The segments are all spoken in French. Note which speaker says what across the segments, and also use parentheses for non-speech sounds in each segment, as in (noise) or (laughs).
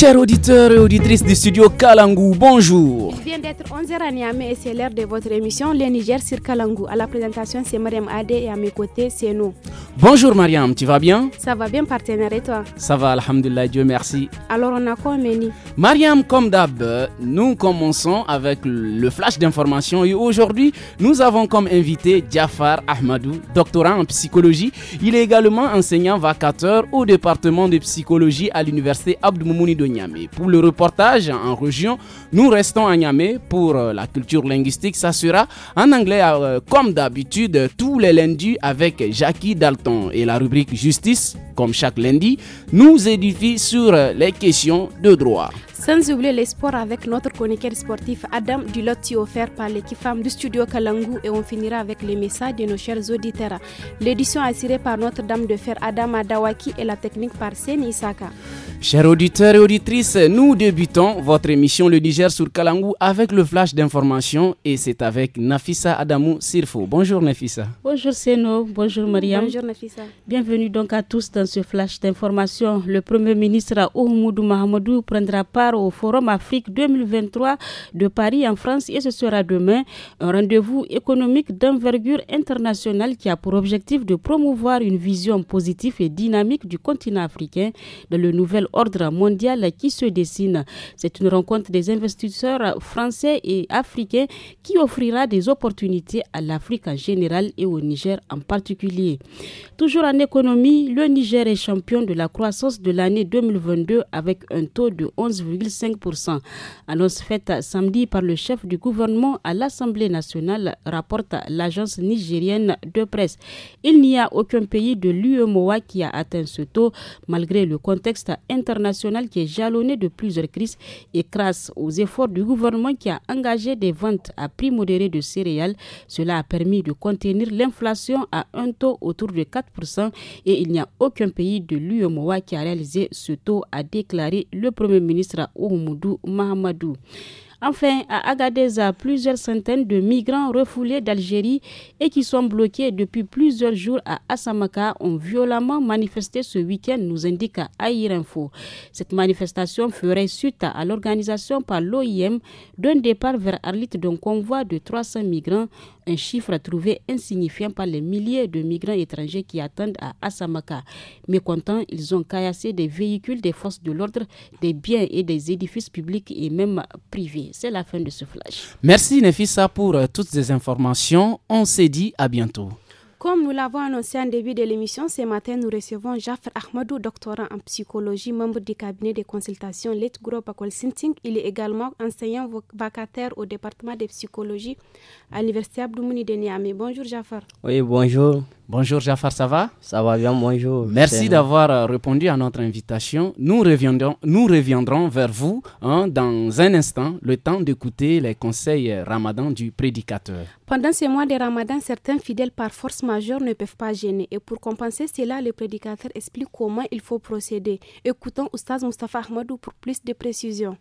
Speaker 1: Chers auditeurs et auditrices du studio Kalangu, bonjour.
Speaker 2: Il vient d'être 11h à Niamey et c'est l'heure de votre émission Le Niger sur Kalangou. À la présentation, c'est Mariam Adé et à mes côtés, c'est nous.
Speaker 1: Bonjour Mariam, tu vas bien
Speaker 2: Ça va bien partenaire et toi
Speaker 1: Ça va, alhamdulillah, Dieu merci.
Speaker 2: Alors on a quoi
Speaker 1: Mariam, comme d'hab, nous commençons avec le flash d'information et aujourd'hui, nous avons comme invité Jafar Ahmadou, doctorant en psychologie. Il est également enseignant vacateur au département de psychologie à l'université Abdou Moumouni de Niamey. Pour le reportage en région, nous restons à Niamey pour euh, la culture linguistique. Ça sera en anglais euh, comme d'habitude tous les lundis avec Jackie Dalton et la rubrique Justice, comme chaque lundi, nous édifie sur les questions de droit.
Speaker 2: Sans oublier les sports avec notre chroniqueur sportif Adam Dulotti offert par l'équipe femme du studio Kalangu et on finira avec les messages de nos chers auditeurs. L'édition assurée par notre dame de fer Adam Adawaki et la technique par Seni Isaka.
Speaker 1: Chers auditeurs et auditrices, nous débutons votre émission Le Niger sur Kalangu avec le flash d'information et c'est avec Nafissa Adamou Sirfo. Bonjour Nafissa.
Speaker 3: Bonjour Seno, bonjour Mariam. Bonjour Nafissa. Bienvenue donc à tous dans ce flash d'information. Le Premier ministre Oumoudou Mahamadou prendra part au Forum Afrique 2023 de Paris en France et ce sera demain un rendez-vous économique d'envergure internationale qui a pour objectif de promouvoir une vision positive et dynamique du continent africain dans le nouvel ordre mondial qui se dessine. C'est une rencontre des investisseurs français et africains qui offrira des opportunités à l'Afrique en général et au Niger en particulier. Toujours en économie, le Niger est champion de la croissance de l'année 2022 avec un taux de 11,5%. 5%. Annonce faite samedi par le chef du gouvernement à l'Assemblée nationale, rapporte l'agence nigérienne de presse. Il n'y a aucun pays de l'UEMOA qui a atteint ce taux, malgré le contexte international qui est jalonné de plusieurs crises et grâce aux efforts du gouvernement qui a engagé des ventes à prix modéré de céréales. Cela a permis de contenir l'inflation à un taux autour de 4% et il n'y a aucun pays de l'UEMOA qui a réalisé ce taux, a déclaré le Premier ministre Oumoudou Mahamadou. Enfin, à Agadeza, plusieurs centaines de migrants refoulés d'Algérie et qui sont bloqués depuis plusieurs jours à Assamaka ont violemment manifesté ce week-end, nous indique à Aïr Info. Cette manifestation ferait suite à l'organisation par l'OIM d'un départ vers Arlit d'un convoi de 300 migrants un chiffre trouvé insignifiant par les milliers de migrants étrangers qui attendent à Mais Mécontents, ils ont caillassé des véhicules des forces de l'ordre, des biens et des édifices publics et même privés. C'est la fin de ce flash.
Speaker 1: Merci Nefissa pour euh, toutes ces informations. On se dit à bientôt.
Speaker 2: Comme nous l'avons annoncé en début de l'émission, ce matin, nous recevons Jafar Ahmadou, doctorant en psychologie, membre du cabinet de consultation Let Group Akol Sinting. Il est également enseignant vacataire au département de psychologie à l'Université Abdoumouni de Niamey. Bonjour Jafar.
Speaker 1: Oui, bonjour. Bonjour Jafar, ça va Ça va bien, bonjour. Merci d'avoir euh, répondu à notre invitation. Nous reviendrons, vers vous hein, dans un instant, le temps d'écouter les conseils euh, ramadan du prédicateur.
Speaker 2: Pendant ces mois de ramadan, certains fidèles par force majeure ne peuvent pas gêner. Et pour compenser cela, le prédicateur explique comment il faut procéder. Écoutons Oustaz Mustafa Ahmadou pour plus de précisions.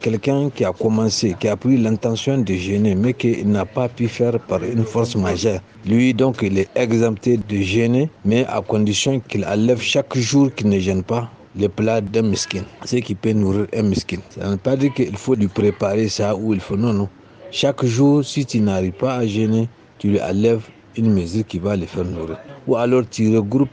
Speaker 4: Quelqu'un qui a commencé, qui a pris l'intention de gêner, mais qui n'a pas pu faire par une force majeure. Lui, donc, il est exempté de gêner, mais à condition qu'il enlève chaque jour qu'il ne gêne pas le plat d'un miskin, ce qui peut nourrir un miskin. Ça ne veut pas dire qu'il faut lui préparer ça ou il faut. Non, non. Chaque jour, si tu n'arrives pas à gêner, tu lui enlèves une mesure qui va le faire nourrir. Ou alors tu regroupes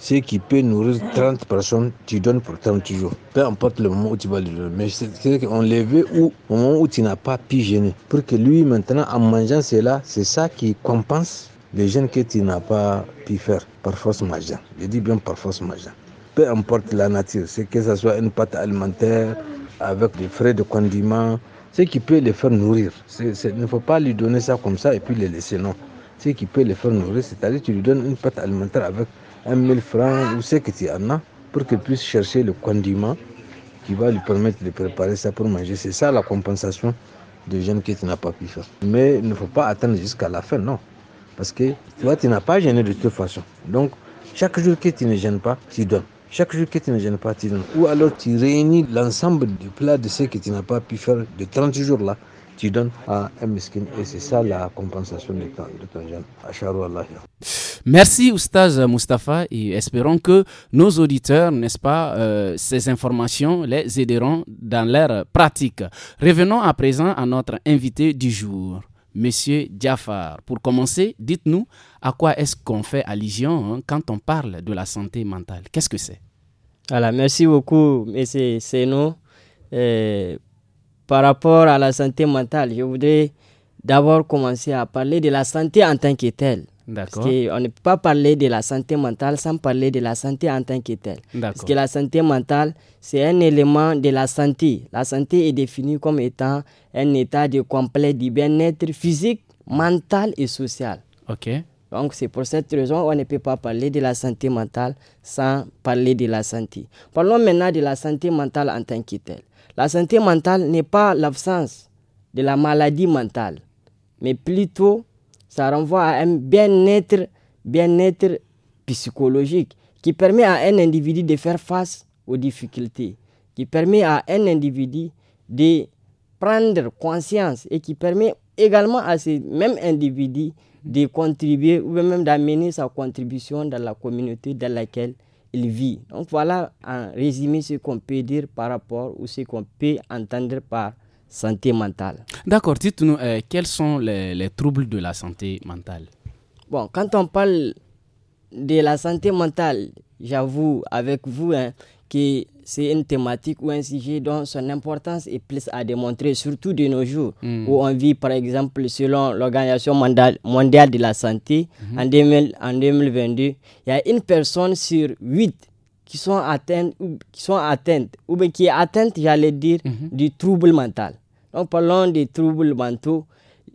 Speaker 4: ce qui peut nourrir 30 personnes, tu donnes pour 30 jours. Peu importe le moment où tu vas le donner. Mais c'est qu'on dire veut au moment où tu n'as pas gêner Pour que lui, maintenant, en mangeant cela, c'est ça qui compense les jeunes que tu n'as pas pu faire par force majeure. Je dis bien par force majeure. Peu importe la nature, c'est que ce soit une pâte alimentaire avec des frais de condiments, ce qui peut les faire nourrir. il ne faut pas lui donner ça comme ça et puis le laisser, non. Ce qui peut les faire nourrir, c'est-à-dire tu lui donnes une pâte alimentaire avec 1000 francs ou ce que tu en as pour qu'il puisse chercher le condiment qui va lui permettre de préparer ça pour manger. C'est ça la compensation de jeunes que tu n'as pas pu faire. Mais il ne faut pas attendre jusqu'à la fin, non. Parce que toi tu n'as pas gêné de toute façon. Donc, chaque jour que tu ne gênes pas, tu donnes. Chaque jour que tu ne gênes pas, tu donnes. Ou alors tu réunis l'ensemble du plat de ce que tu n'as pas pu faire de 30 jours là tu donnes à un miskin. Et c'est ça la compensation de ton, jeune.
Speaker 1: Merci Oustaz Mustafa et espérons que nos auditeurs, n'est-ce pas, euh, ces informations les aideront dans leur pratique. Revenons à présent à notre invité du jour. Monsieur Diafar, pour commencer, dites-nous à quoi est-ce qu'on fait allusion hein, quand on parle de la santé mentale Qu'est-ce que c'est
Speaker 5: Voilà, merci beaucoup, Monsieur Seno, euh, par rapport à la santé mentale, je voudrais d'abord commencer à parler de la santé en tant que telle. Parce qu'on ne peut pas parler de la santé mentale sans parler de la santé en tant que telle. Parce que la santé mentale, c'est un élément de la santé. La santé est définie comme étant un état de complet du bien-être physique, mental et social. OK. Donc, c'est pour cette raison on ne peut pas parler de la santé mentale sans parler de la santé. Parlons maintenant de la santé mentale en tant que telle. La santé mentale n'est pas l'absence de la maladie mentale, mais plutôt ça renvoie à un bien-être, bien psychologique qui permet à un individu de faire face aux difficultés, qui permet à un individu de prendre conscience et qui permet également à ce même individu de contribuer ou même d'amener sa contribution dans la communauté dans laquelle il vit. Donc voilà en résumé ce qu'on peut dire par rapport ou ce qu'on peut
Speaker 1: entendre par santé mentale. D'accord, dites-nous euh, quels sont les, troubles de la santé mentale.
Speaker 5: Bon, quand on parle de la santé mentale, j'avoue avec vous hein, que c'est une thématique ou un sujet dont son importance est plus à démontrer, surtout de nos jours, mm. où on vit, par exemple, selon l'Organisation mondiale de la santé, mm-hmm. en, 2000, en 2022, il y a une personne sur huit qui sont atteintes, ou, qui sont atteintes, ou bien qui est atteinte, j'allais dire, mm-hmm. du trouble mental. Donc, parlons des troubles mentaux,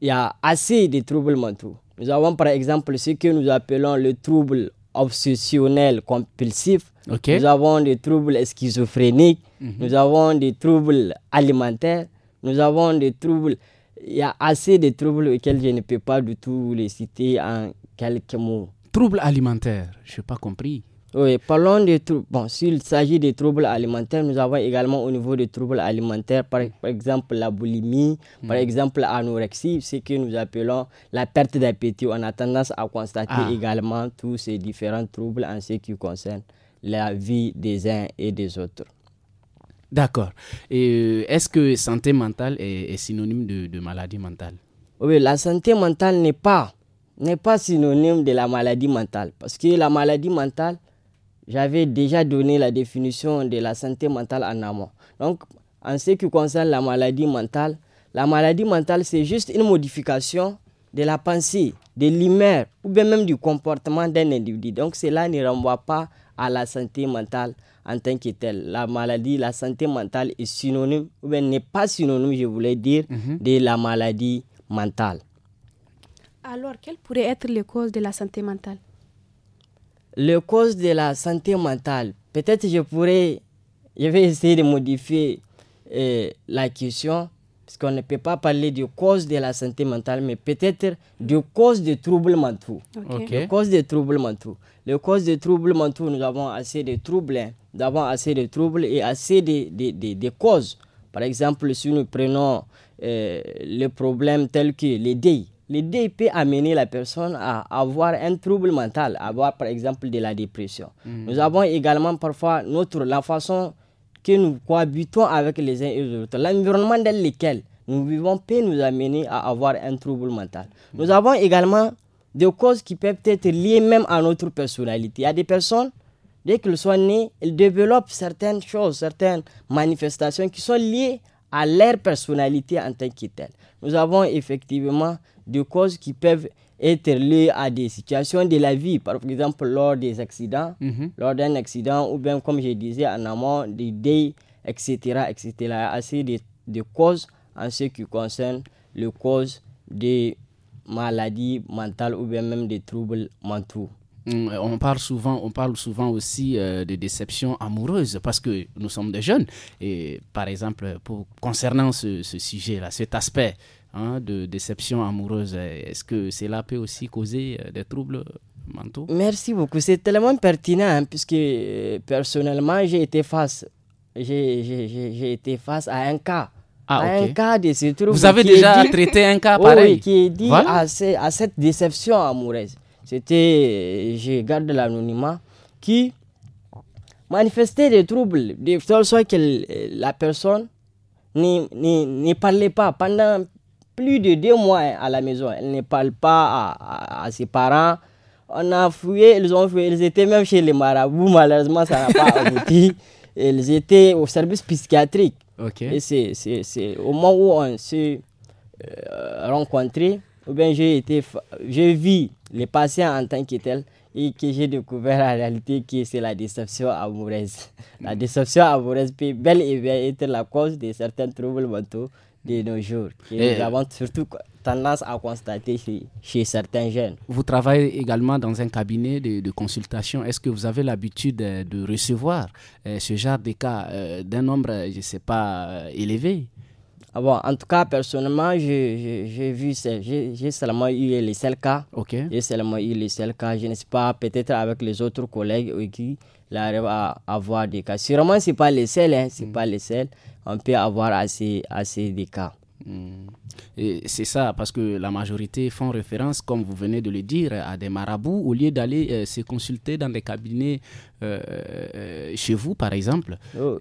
Speaker 5: il y a assez de troubles mentaux. Nous avons, par exemple, ce que nous appelons le trouble obsessionnel, compulsif. nous avons des troubles schizophréniques, mhm. nous avons des troubles alimentaires, nous avons des troubles... Il y a assez de troubles auxquels je ne peux pas du tout les citer en quelques mots.
Speaker 1: Troubles alimentaires, je n'ai pas compris.
Speaker 5: Oui, parlons des troubles. Bon, s'il s'agit des troubles alimentaires, nous avons également au niveau des troubles alimentaires, par, exemple la boulimie, par hmm. exemple l'anorexie, ce que nous appelons la perte d'appétit. On a tendance à constater ah. également tous ces différents troubles en ce qui
Speaker 1: concerne la vie des uns et des autres. D'accord. Et euh, est-ce que santé mentale est, synonyme de, de maladie mentale
Speaker 5: Oui, la santé mentale n'est pas n'est pas synonyme de la maladie mentale parce que la maladie mentale j'avais déjà donné la définition de la santé mentale en amont. Donc, en ce qui concerne la maladie mentale, la maladie mentale, c'est juste une modification de la pensée, de l'humeur ou bien même du comportement d'un individu. Donc, cela ne renvoie pas à la santé mentale en tant que telle. La maladie, la santé mentale est synonyme, ou bien n'est pas synonyme, je voulais dire, mhm. de la maladie mentale.
Speaker 2: Alors, quelles pourraient être les causes de la santé mentale
Speaker 5: les cause de la santé mentale. Peut-être je pourrais, je vais essayer de modifier euh, la question, parce qu'on ne peut pas parler de cause de la santé mentale, mais peut-être de cause de troubles mentaux. Le cause de troubles mentaux. Les causes de troubles mentaux, nous avons assez de troubles, hein. assez de troubles et assez de, causes. Par exemple, si nous prenons euh, le problème problèmes tels que les dé l'idée peut amener la personne à avoir un trouble mental, avoir par exemple de la dépression. Mm. Nous avons également parfois notre, la façon que nous cohabitons avec les uns et les autres, l'environnement dans lequel nous vivons peut nous amener à avoir un trouble mental. Mm. Nous avons également des causes qui peuvent être liées même à notre personnalité. Il y a des personnes, dès qu'elles sont nées, elles développent certaines choses, certaines manifestations qui sont liées à leur personnalité en tant que telle. Nous avons effectivement des causes qui peuvent être liées à des situations de la vie, par exemple lors des accidents, mhm. lors d'un accident, ou bien comme je disais en amont, des dés, etc. etc. Il y a assez de, causes en ce qui concerne les causes des
Speaker 1: maladies mentales ou bien même des troubles mentaux. Mm, on parle souvent, on parle souvent aussi euh, de déception amoureuse parce que nous sommes des jeunes. Et par exemple, pour, concernant ce, sujet-là, cet aspect hein, de déception amoureuse, est-ce que cela peut aussi causer euh, des troubles mentaux
Speaker 5: Merci beaucoup. C'est tellement pertinent hein, puisque euh, personnellement, j'ai été face, j'ai été face à un cas. Ah, un cas de Vous avez déjà traité un cas (laughs) pareil. oui, qui est dit à cette déception amoureuse. C'était, je garde l'anonymat, qui manifestait des troubles, de sorte que la personne ne parlait pas pendant plus de deux mois à la maison. Elle ne parle pas à, ses parents. On a fouillé, ils ont fouillé, ils étaient même chez les marabouts, malheureusement ça n'a pas (laughs) abouti. Ils étaient au service psychiatrique. Et c'est au moment où on s'est euh, rencontrés, j'ai j'ai vu les patients en tant que tel, et que j'ai découvert la réalité que c'est la déception amoureuse. La mm. déception amoureuse peut bel et bien être la cause de certains troubles mentaux de nos jours, et nous avons surtout tendance à constater
Speaker 1: chez, certains jeunes. Vous travaillez également dans un cabinet de, consultation. Est-ce que vous avez l'habitude euh, de recevoir euh, ce genre de cas euh, d'un nombre, je ne sais pas,
Speaker 5: élevé ah en tout cas, personnellement, j'ai vu, j'ai seulement eu les seuls cas. ok J'ai seulement eu les seuls cas. Je ne sais pas, peut-être avec les autres collègues qui arrive à avoir des cas. Sûrement, ce n'est pas les seuls, hein. c'est mm. pas les seuls. On peut avoir
Speaker 1: assez, assez de cas. Mm. C'est ça, parce que la majorité font référence, comme vous venez de le dire, à des marabouts au lieu d'aller euh, se consulter dans des cabinets euh, euh, chez vous, par exemple. Oh.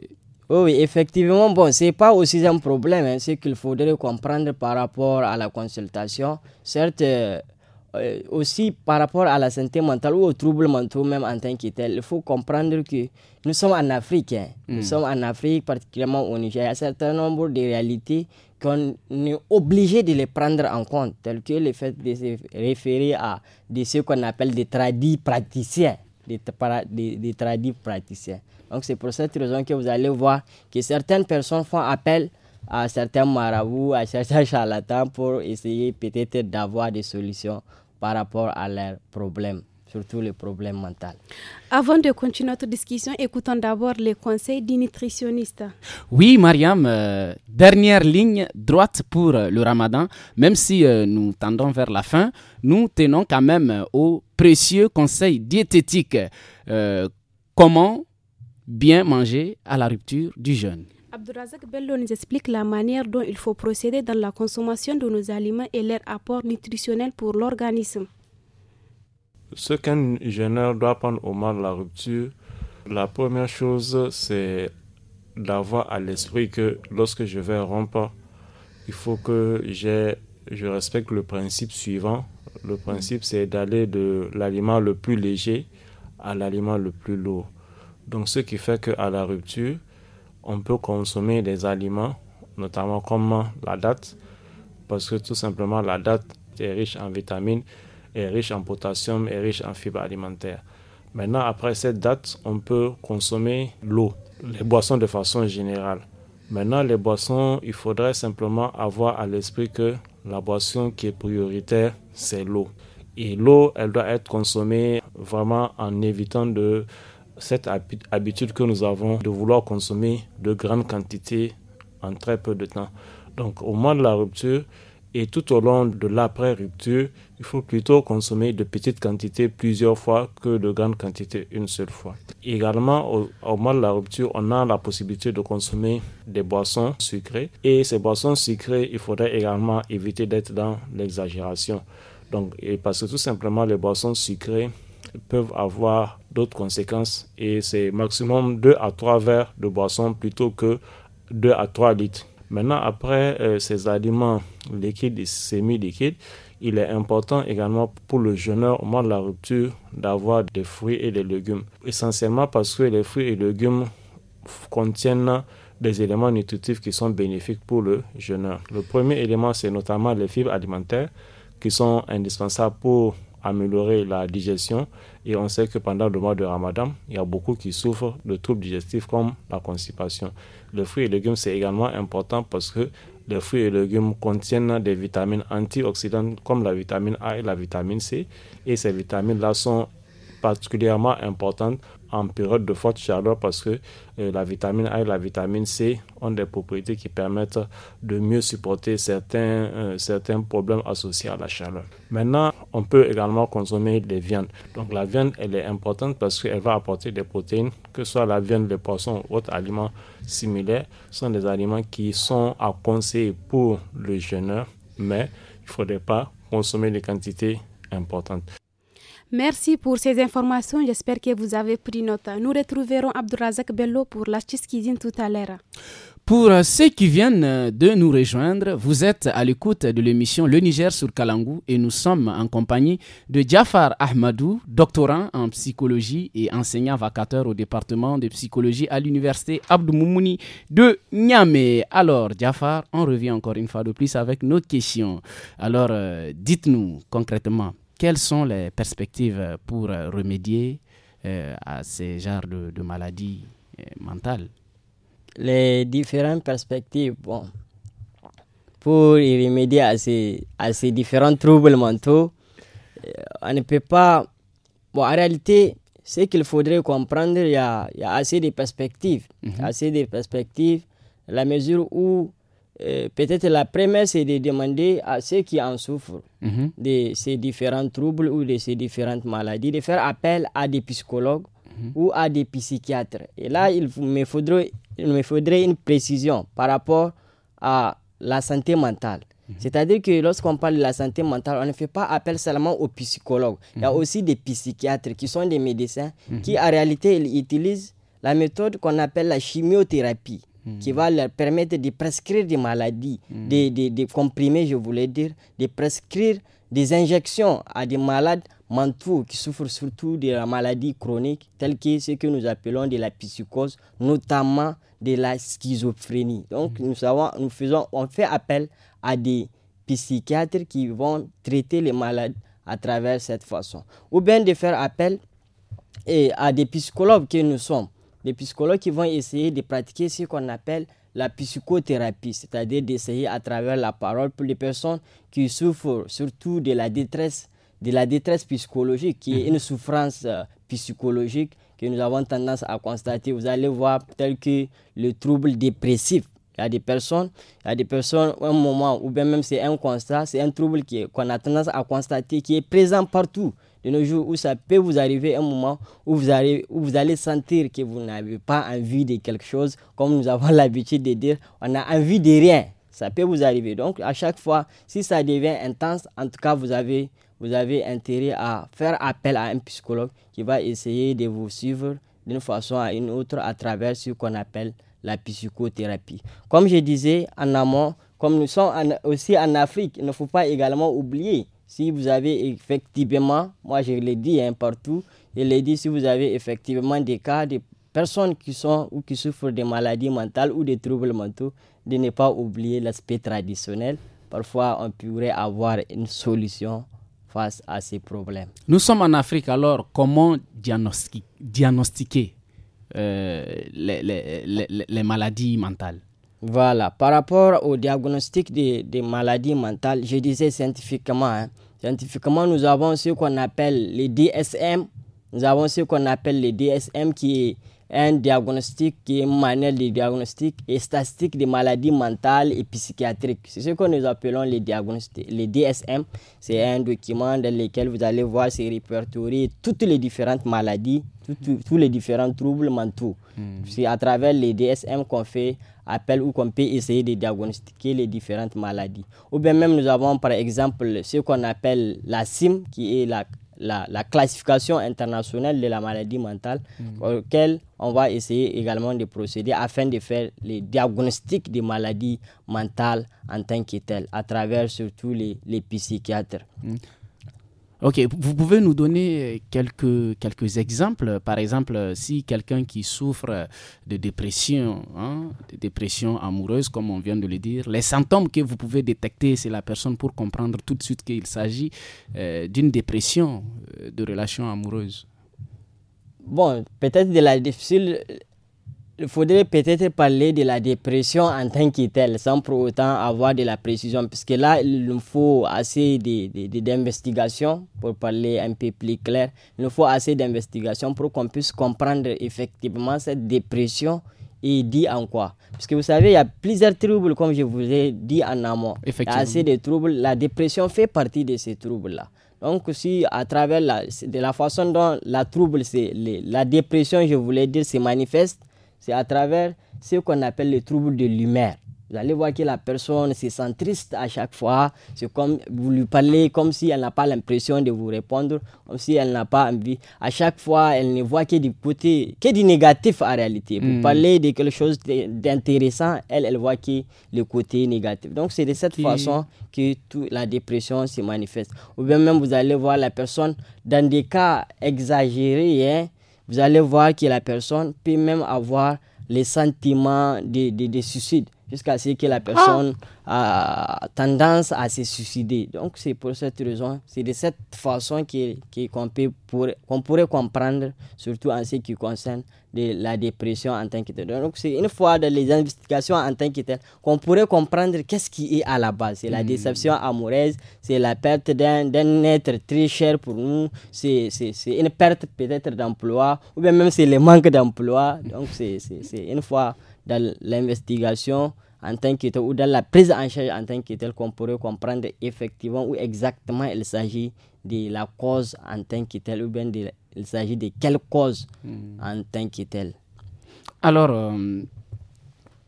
Speaker 1: Oui, effectivement, bon, ce n'est pas aussi
Speaker 5: un problème, hein. ce qu'il faudrait comprendre par rapport à la consultation. Certes, euh, aussi par rapport à la santé mentale ou aux troubles mentaux même en tant que tel, il faut comprendre que nous sommes en Afrique. Hein. Nous mm. sommes en Afrique, particulièrement au Niger. Il y a un certain nombre de réalités qu'on est obligé de les prendre en compte, tel que le fait de se référer à ce qu'on appelle des tradis praticiens des, des, praticiens. Donc c'est pour cette raison que vous allez voir que certaines personnes font appel à certains marabouts, à certains charlatans pour essayer peut-être d'avoir des solutions par rapport à leurs problèmes surtout les problèmes mentaux.
Speaker 2: Avant de continuer notre discussion, écoutons d'abord les conseils du nutritionniste.
Speaker 1: Oui, Mariam, euh, dernière ligne droite pour euh, le ramadan. Même si euh, nous tendons vers la fin, nous tenons quand même aux précieux conseils diététiques. comment bien manger à la rupture du jeûne
Speaker 2: Abdurazak Bello nous explique la manière dont il faut procéder dans la consommation de nos aliments et leur apport nutritionnel pour l'organisme.
Speaker 6: Ce qu'un ingénieur doit prendre au moment de la rupture, la première chose, c'est d'avoir à l'esprit que lorsque je vais rompre, il faut que je respecte le principe suivant. Le principe, c'est d'aller de l'aliment le plus léger à l'aliment le plus lourd. Donc, ce qui fait qu'à la rupture, on peut consommer des aliments, notamment comme la date, parce que tout simplement la date est riche en vitamines est riche en potassium, et riche en fibres alimentaires. Maintenant, après cette date, on peut consommer l'eau, les boissons de façon générale. Maintenant, les boissons, il faudrait simplement avoir à l'esprit que la boisson qui est prioritaire, c'est l'eau. Et l'eau, elle doit être consommée vraiment en évitant de cette habitude que nous avons de vouloir consommer de grandes quantités en très peu de temps. Donc au moment de la rupture, et tout au long de l'après-rupture, il faut plutôt consommer de petites quantités plusieurs fois que de grandes quantités une seule fois. Également, au, moment de la rupture, on a la possibilité de consommer des boissons sucrées. Et ces boissons sucrées, il faudrait également éviter d'être dans l'exagération. Donc, parce que tout simplement, les boissons sucrées peuvent avoir d'autres conséquences et c'est maximum 2 à 3 verres de boisson plutôt que 2 à 3 litres Maintenant, après euh, ces aliments liquides et semi-liquides, il est important également pour le jeûneur au moment de la rupture d'avoir des fruits et des légumes. Essentiellement parce que les fruits et légumes contiennent des éléments nutritifs qui sont bénéfiques pour le jeûneur. Le premier élément, c'est notamment les fibres alimentaires qui sont indispensables pour améliorer la digestion. Et on sait que pendant le mois de Ramadan, il y a beaucoup qui souffrent de troubles digestifs comme la constipation. Le fruit et légumes, c'est également important parce que les fruits et légumes contiennent des vitamines antioxydantes comme la vitamine A et la vitamine C. Et ces vitamines-là sont particulièrement importantes en période de forte chaleur parce que euh, la vitamine A et la vitamine C ont des propriétés qui permettent de mieux supporter certains, euh, certains problèmes associés à la chaleur. Maintenant, on peut également consommer des viandes. Donc la viande, elle est importante parce qu'elle va apporter des protéines, que ce soit la viande, le poisson ou autres aliments similaires, sont des aliments qui sont à conseiller pour le jeûneur, mais il ne faudrait pas consommer des quantités importantes.
Speaker 2: Merci pour ces informations. J'espère que vous avez pris note. Nous retrouverons Abdurazak Bello pour la cuisine tout à l'heure.
Speaker 1: Pour ceux qui viennent de nous rejoindre, vous êtes à l'écoute de l'émission Le Niger sur Kalangou et nous sommes en compagnie de Jafar Ahmadou, doctorant en psychologie et enseignant vacateur au département de psychologie à l'université Abdou Moumouni de Niamey. Alors, Jafar, on revient encore une fois de plus avec nos questions. Alors, euh, dites-nous concrètement, quelles sont les perspectives euh, pour euh, remédier euh, à ces genres de, maladies mentales
Speaker 5: Les différentes perspectives, bon, pour y remédier à ces, à ces différents troubles mentaux, on ne peut pas. Bon, en réalité, ce qu'il faudrait comprendre, il y, a, y a, assez de perspectives. Mhm. Assez de perspectives, la mesure où euh, peut-être la première, c'est de demander à ceux qui en souffrent mhm. de ces différents troubles ou de ces différentes maladies, de faire appel à des psychologues mhm. ou à des psychiatres. Et là, il me faudrait, il me faudrait une précision par rapport à la santé mentale. Mhm. C'est-à-dire que lorsqu'on parle de la santé mentale, on ne fait pas appel seulement aux psychologues. Il y a aussi des psychiatres qui sont des médecins qui, en réalité, ils utilisent la méthode qu'on appelle la chimiothérapie qui va leur permettre de prescrire des maladies, hmm. de des, des, comprimés, je voulais dire, de prescrire des injections à des malades mentaux qui souffrent surtout de la maladie chronique, telle que ce que nous appelons de la psychose, notamment de la schizophrénie. Donc, hmm. nous, nous faisons, on fait appel à des psychiatres qui vont traiter les malades à travers cette façon. Ou bien de faire appel et eh, à des psychologues que nous sommes, des psychologues qui vont essayer de pratiquer ce qu'on appelle la psychothérapie, c'est-à-dire d'essayer à travers la parole pour les personnes qui souffrent surtout de la détresse, de la détresse psychologique, qui est mhm. une souffrance euh, psychologique que nous avons tendance à constater. Vous allez voir tel que le trouble dépressif. Il y a des personnes, il y a des personnes, un moment, ou bien même c'est un constat, c'est un trouble qu'on a tendance à constater qui est présent partout de nos jours où ça peut vous arriver un moment où vous allez, où vous allez sentir que vous n'avez pas envie de quelque chose, comme nous avons (laughs) l'habitude de dire, on a envie de rien. Ça peut vous arriver. Donc, à chaque fois, si ça devient intense, en tout cas, vous avez, vous avez intérêt à faire appel à un psychologue qui va essayer de vous suivre d'une façon à une autre à travers ce qu'on appelle la psychothérapie. Comme je disais en amont, comme nous sommes aussi en Afrique, il ne faut pas également oublier si vous avez effectivement, moi je l'ai dit hein, partout, je l'ai dit, si vous avez effectivement des cas de personnes qui sont ou qui souffrent de maladies mentales ou de troubles mentaux, de ne pas oublier l'aspect traditionnel. Parfois, on pourrait avoir une solution face à ces problèmes.
Speaker 1: Nous sommes en Afrique, alors comment diagnostiquer, euh, les maladies mentales voilà, par
Speaker 5: rapport au diagnostic des, maladies mentales, je disais scientifiquement, hein. scientifiquement, nous avons ce qu'on appelle les DSM. Nous avons ce qu'on appelle les DSM qui est un diagnostic, qui est une manuel de diagnostic et statistique des maladies mentales et psychiatriques. C'est ce que nous appelons les, diagnostics, les DSM. C'est un document dans lequel vous allez voir se répertorier toutes les différentes maladies, tous les différents troubles mentaux. Hmm. C'est à travers les DSM qu'on fait appel ou qu'on peut essayer de diagnostiquer les différentes maladies. Ou bien même nous avons par exemple ce qu'on appelle la CIM, qui est la, la, classification internationale de la maladie mentale, pour mm. auquel on va essayer également de procéder afin de faire les diagnostics des maladies mentales en tant que telles, à travers surtout les, les psychiatres.
Speaker 1: Mm. Ok, vous pouvez nous donner quelques, quelques exemples. Par exemple, si quelqu'un qui souffre de dépression, hein, de dépression amoureuse, comme on vient de le dire, les symptômes que vous pouvez détecter c'est la personne pour comprendre tout de suite qu'il s'agit euh, d'une dépression euh, de relation amoureuse. Bon, peut-être de
Speaker 5: la difficile il faudrait peut-être parler de la dépression en tant que telle, sans pour autant avoir de la précision, puisque là, il nous faut assez d'investigations pour parler un peu plus clair. Il nous faut assez d'investigations pour qu'on puisse comprendre effectivement cette dépression et dit en quoi. Parce que vous savez, il y a plusieurs troubles, comme je vous ai dit en amont. Il y a assez de troubles. La dépression fait partie de ces troubles-là. Donc, si à travers la, de la façon dont la trouble, la dépression, je voulais dire, se manifeste, c'est à travers ce qu'on appelle le trouble de l'humeur. Vous allez voir que la personne se sent triste à chaque fois. C'est comme vous lui parlez comme si elle n'a pas l'impression de vous répondre, comme si elle n'a pas envie. À chaque fois, elle ne voit que du côté, que du négatif en réalité. Vous hmm. parlez de quelque chose d'intéressant, elle, elle voit que le côté négatif. Donc, c'est de cette façon que toute la dépression se manifeste. Ou bien même, vous allez voir la personne dans des cas exagérés, hein, vous allez voir que la personne peut même avoir les sentiments de, de suicide jusqu'à ce que la ah. personne a tendance à se suicider. Donc c'est pour cette raison, c'est de cette façon qu'on pour, pourrait comprendre, surtout en ce qui concerne de la dépression en tant que telle. Donc c'est une fois dans les investigations en tant que telle qu'on pourrait comprendre qu'est-ce qui est à la base. C'est la hmm. déception amoureuse, c'est la perte d'un être très cher pour nous, c'est une perte peut-être d'emploi, ou bien même c'est le manque d'emploi. Donc c'est une fois dans l'investigation en tant que tel ou dans la prise en charge en tant que tel qu'on pourrait comprendre effectivement où exactement il s'agit de la cause en tant que ou bien il s'agit de quelle cause hmm. en tant
Speaker 1: que Alors, euh,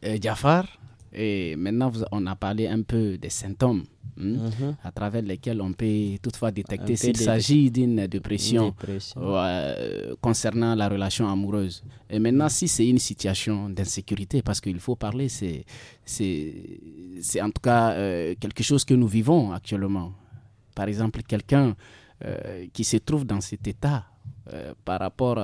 Speaker 1: euh, Jafar, et maintenant on a parlé un peu des symptômes Hmm? Mhm. à travers lesquels on peut toutefois détecter s'il s'agit d'une dépression, euh, concernant la relation amoureuse. Et maintenant, si c'est une situation d'insécurité, parce qu'il faut parler, c'est en tout cas euh, quelque chose que nous vivons actuellement. Par exemple, quelqu'un euh, qui se trouve dans cet état par rapport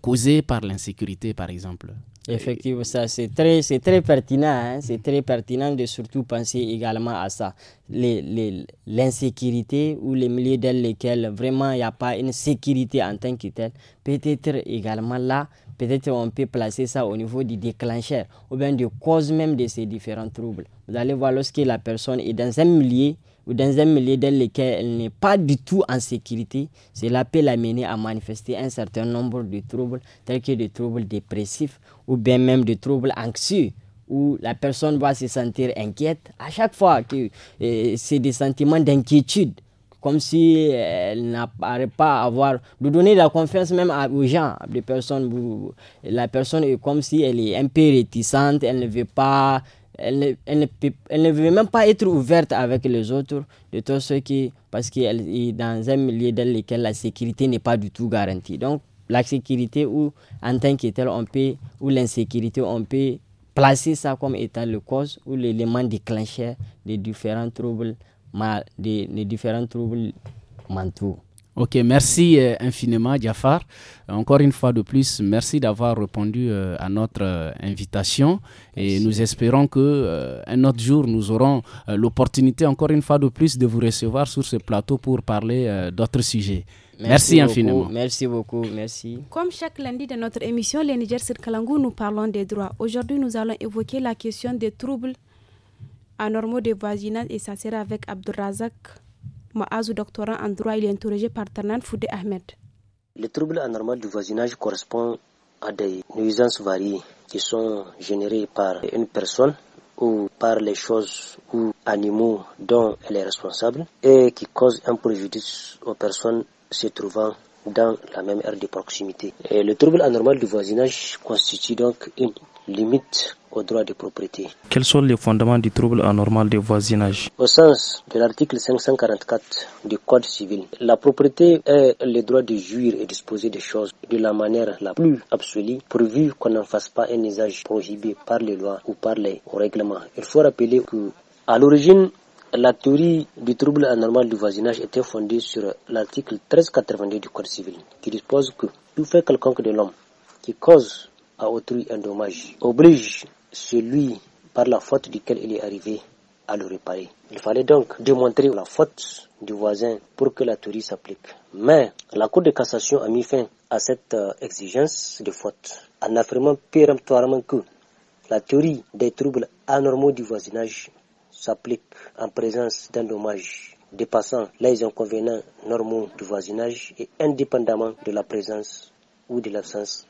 Speaker 1: causé par l'insécurité, par exemple
Speaker 5: Effectivement, ça c'est très, c'est très pertinent. Hein. C'est très pertinent de surtout penser également à ça. l'insécurité les, ou les milieux dans lesquels vraiment il n'y a pas une sécurité en tant que telle. Peut-être également là, peut-être on peut placer ça au niveau du déclencheur ou bien de cause même de ces différents troubles. Vous allez voir lorsque la personne est dans un milieu ou dans un milieu dans lequel elle n'est pas du tout en sécurité, cela peut l'amener à manifester un certain nombre de troubles, tels que des troubles dépressifs ou bien même des troubles anxieux où la personne va se sentir inquiète à chaque fois que euh, c'est des sentiments d'inquiétude comme si euh, elle n'apparaît pas à avoir, de donner la confiance même aux gens, des personnes. La personne est comme si elle est un peu réticente, elle ne veut pas elle ne, veut même pas être ouverte avec les autres, de tous ceux qui, parce qu'elle est dans un milieu dans lequel la sécurité n'est pas du tout garantie. Donc, la sécurité ou en tant que telle, on peut, ou l'insécurité, on peut placer ça comme étant le cause ou l'élément déclencheur des différents troubles, des, des différents troubles mentaux.
Speaker 1: Ok, merci euh, infiniment, Jafar. Encore une fois de plus, merci d'avoir répondu euh, à notre euh, invitation et nous espérons que un autre jour nous aurons l'opportunité, encore une fois de plus, de vous recevoir sur ce plateau pour parler d'autres sujets. Merci, infiniment.
Speaker 5: merci beaucoup, merci.
Speaker 2: Comme chaque lundi de notre émission, les Niger sur nous parlons des droits. Aujourd'hui, nous allons évoquer la question des troubles anormaux de voisinage et ça sera avec Razak. Maazou, par Ahmed.
Speaker 7: Le trouble anormal du voisinage correspond à des nuisances variées qui sont générées par une personne ou par les choses ou animaux dont elle est responsable et qui causent un préjudice aux personnes se trouvant dans la même aire de proximité. Et le trouble anormal du voisinage constitue donc une limite au droit de propriété.
Speaker 8: Quels sont les fondements du trouble anormal de voisinage
Speaker 7: Au sens de l'article 544 du Code civil, la propriété est le droit de jouir et disposer des choses de la manière la plus absolue, pourvu qu'on n'en fasse pas un usage prohibé par les lois ou par les règlements. Il faut rappeler que, à l'origine, la théorie du trouble anormal du voisinage était fondée sur l'article 1382 du Code civil, qui dispose que tout fait quelconque de l'homme qui cause à autrui un dommage oblige celui par la faute duquel il est arrivé à le réparer. Il fallait donc démontrer la faute du voisin pour que la théorie s'applique. Mais la Cour de cassation a mis fin à cette euh, exigence de faute en affirmant péremptoirement que la théorie des troubles anormaux du voisinage s'applique en présence d'un dommage dépassant les inconvénients normaux du voisinage et indépendamment de la présence ou de l'absence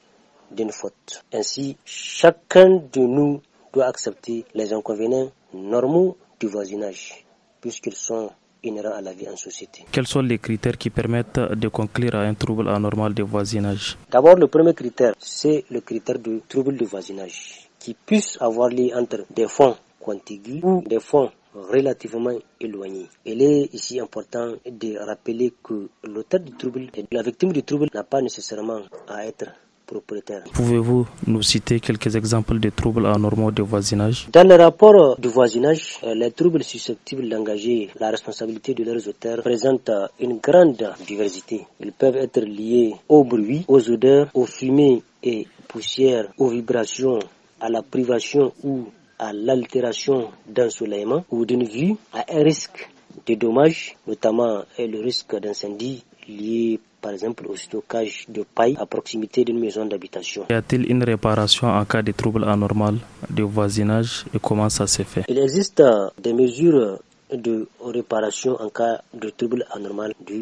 Speaker 7: d'une faute. Ainsi, chacun de nous doit accepter les inconvénients normaux du voisinage, puisqu'ils sont inhérents à la vie en société.
Speaker 8: Quels sont les critères qui permettent de conclure à un trouble anormal de voisinage
Speaker 7: D'abord, le premier critère, c'est le critère du trouble de voisinage, qui puisse avoir lieu entre des fonds contigus ou des fonds relativement éloignés. Il est ici important de rappeler que l'auteur du trouble et la victime du trouble n'a pas nécessairement à être propriétaires.
Speaker 8: Pouvez-vous nous citer quelques exemples de troubles anormaux de voisinage
Speaker 7: Dans le rapport de voisinage, euh, les troubles susceptibles d'engager la responsabilité de leurs auteurs présentent euh, une grande diversité. Ils peuvent être liés au bruit, aux odeurs, aux fumées et poussières, aux vibrations, à la privation ou à l'altération d'un soleillement ou d'une vue, à un risque de dommages, notamment euh, le risque d'incendie lié par exemple au stockage de paille à proximité d'une maison d'habitation. Y
Speaker 8: a-t-il une réparation en cas de troubles anormal de voisinage et comment ça se fait Il
Speaker 7: existe euh, des mesures de réparation en cas de trouble anormal du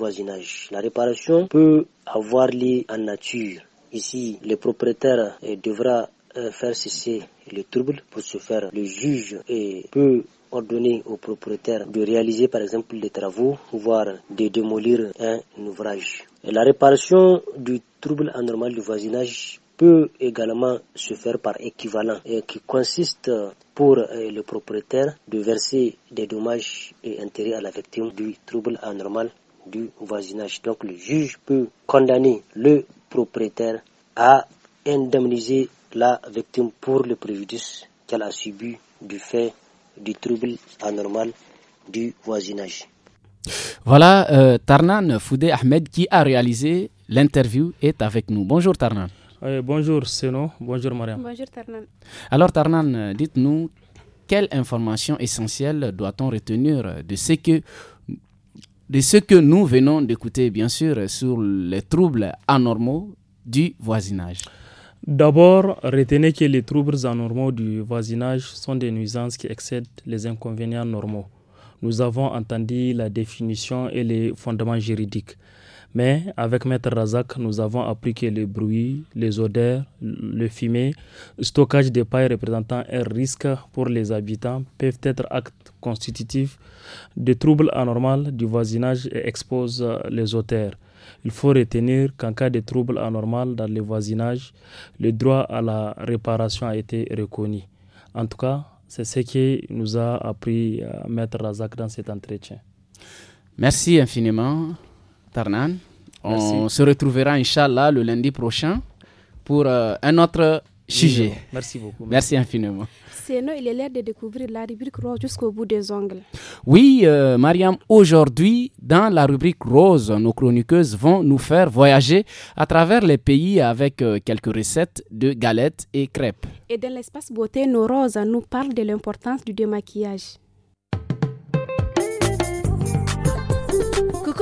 Speaker 7: voisinage. La réparation peut avoir lieu en nature. Ici, le propriétaire euh, devra euh, faire cesser le trouble pour se faire. Le juge et peut ordonner au propriétaire de réaliser par exemple des travaux, voire de démolir un ouvrage. Et la réparation du trouble anormal du voisinage peut également se faire par équivalent, et qui consiste pour euh, le propriétaire de verser des dommages et intérêts à la victime du trouble anormal du voisinage. Donc le juge peut condamner le propriétaire à indemniser la victime pour le préjudice qu'elle a subi du fait du trouble anormal du voisinage.
Speaker 1: Voilà euh, Tarnan Foudé Ahmed qui a réalisé l'interview est avec nous. Bonjour Tarnan. Euh, bonjour Seno, bonjour Mariam.
Speaker 2: Bonjour Tarnan.
Speaker 1: Alors Tarnan, dites-nous quelle information essentielle doit-on retenir de ce que de ce que nous venons d'écouter bien sûr sur les troubles anormaux du voisinage. D'abord, retenez que les troubles anormaux du voisinage sont des nuisances qui
Speaker 8: excèdent les inconvénients normaux. Nous avons entendu la définition et les fondements juridiques. Mais avec Maître Razak, nous avons appris que les bruits, les odeurs, le le stockage des pailles représentant un risque pour les habitants peuvent être actes constitutifs de troubles anormaux du voisinage et exposent les auteurs. Il faut retenir qu'en cas de troubles anormal dans le voisinage, le droit à la réparation a été reconnu. En tout cas, c'est ce qui
Speaker 1: nous a appris à euh, Maître Razak dans cet entretien. Merci infiniment, Tarnan. On se retrouvera, Inch'Allah, le lundi prochain pour euh, un autre Merci beaucoup. Merci, infiniment.
Speaker 2: il est l'heure de découvrir la rubrique rose jusqu'au bout des ongles.
Speaker 1: Oui, euh, Mariam, aujourd'hui, dans la rubrique rose, nos chroniqueuses vont nous faire voyager à travers les pays avec euh, quelques recettes de galettes et crêpes.
Speaker 2: Et dans l'espace beauté, nos roses nous parlent de l'importance du
Speaker 9: démaquillage.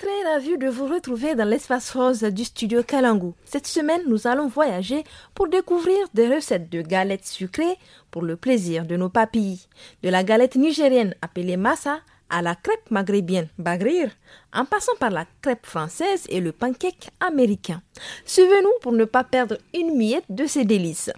Speaker 9: Très ravie de vous retrouver dans l'espace rose du studio Kalangu. Cette semaine, nous allons voyager pour découvrir des recettes de galettes sucrées pour le plaisir de nos papilles. De la galette nigérienne appelée massa à la crêpe maghrébienne bagrir, en passant par la crêpe française et le pancake américain. Suivez-nous pour ne pas perdre une miette de ces délices.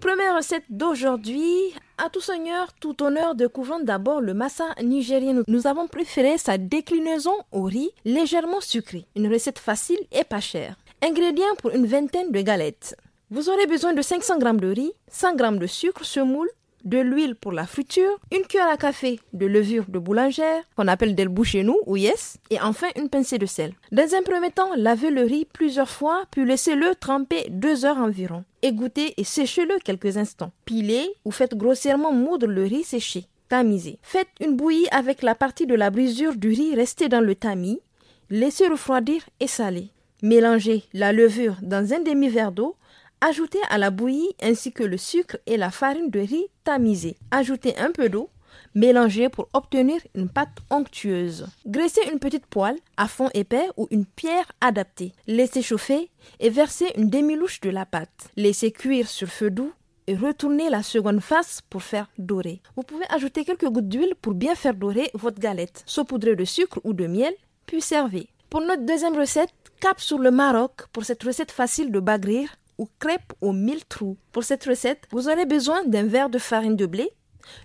Speaker 9: Première recette d'aujourd'hui. À tout seigneur, tout honneur de couvent d'abord le massa nigérien. Nous avons préféré sa déclinaison au riz légèrement sucré. Une recette facile et pas chère. Ingrédients pour une vingtaine de galettes. Vous aurez besoin de 500 g de riz, 100 g de sucre, semoule, de l'huile pour la friture, une cuillère à café de levure de boulangère, qu'on appelle delbou chez nous ou yes, et enfin une pincée de sel. Dans un premier temps, lavez le riz plusieurs fois, puis laissez-le tremper deux heures environ. Égouttez et séchez-le quelques instants. Pilez ou faites grossièrement moudre le riz séché. Tamisez. Faites une bouillie avec la partie de la brisure du riz restée dans le tamis. Laissez refroidir et saler. Mélangez la levure dans un demi-verre d'eau Ajoutez à la bouillie ainsi que le sucre et la farine de riz tamisée. Ajoutez un peu d'eau Mélangez pour obtenir une pâte onctueuse. Graissez une petite poêle à fond épais ou une pierre adaptée. Laissez chauffer et versez une demi-louche de la pâte. Laissez cuire sur feu doux et retournez la seconde face pour faire dorer. Vous pouvez ajouter quelques gouttes d'huile pour bien faire dorer votre galette. Saupoudrez de sucre ou de miel, puis servez. Pour notre deuxième recette, cap sur le Maroc pour cette recette facile de bagrir ou crêpes aux mille trous. Pour cette recette, vous aurez besoin d'un verre de farine de blé,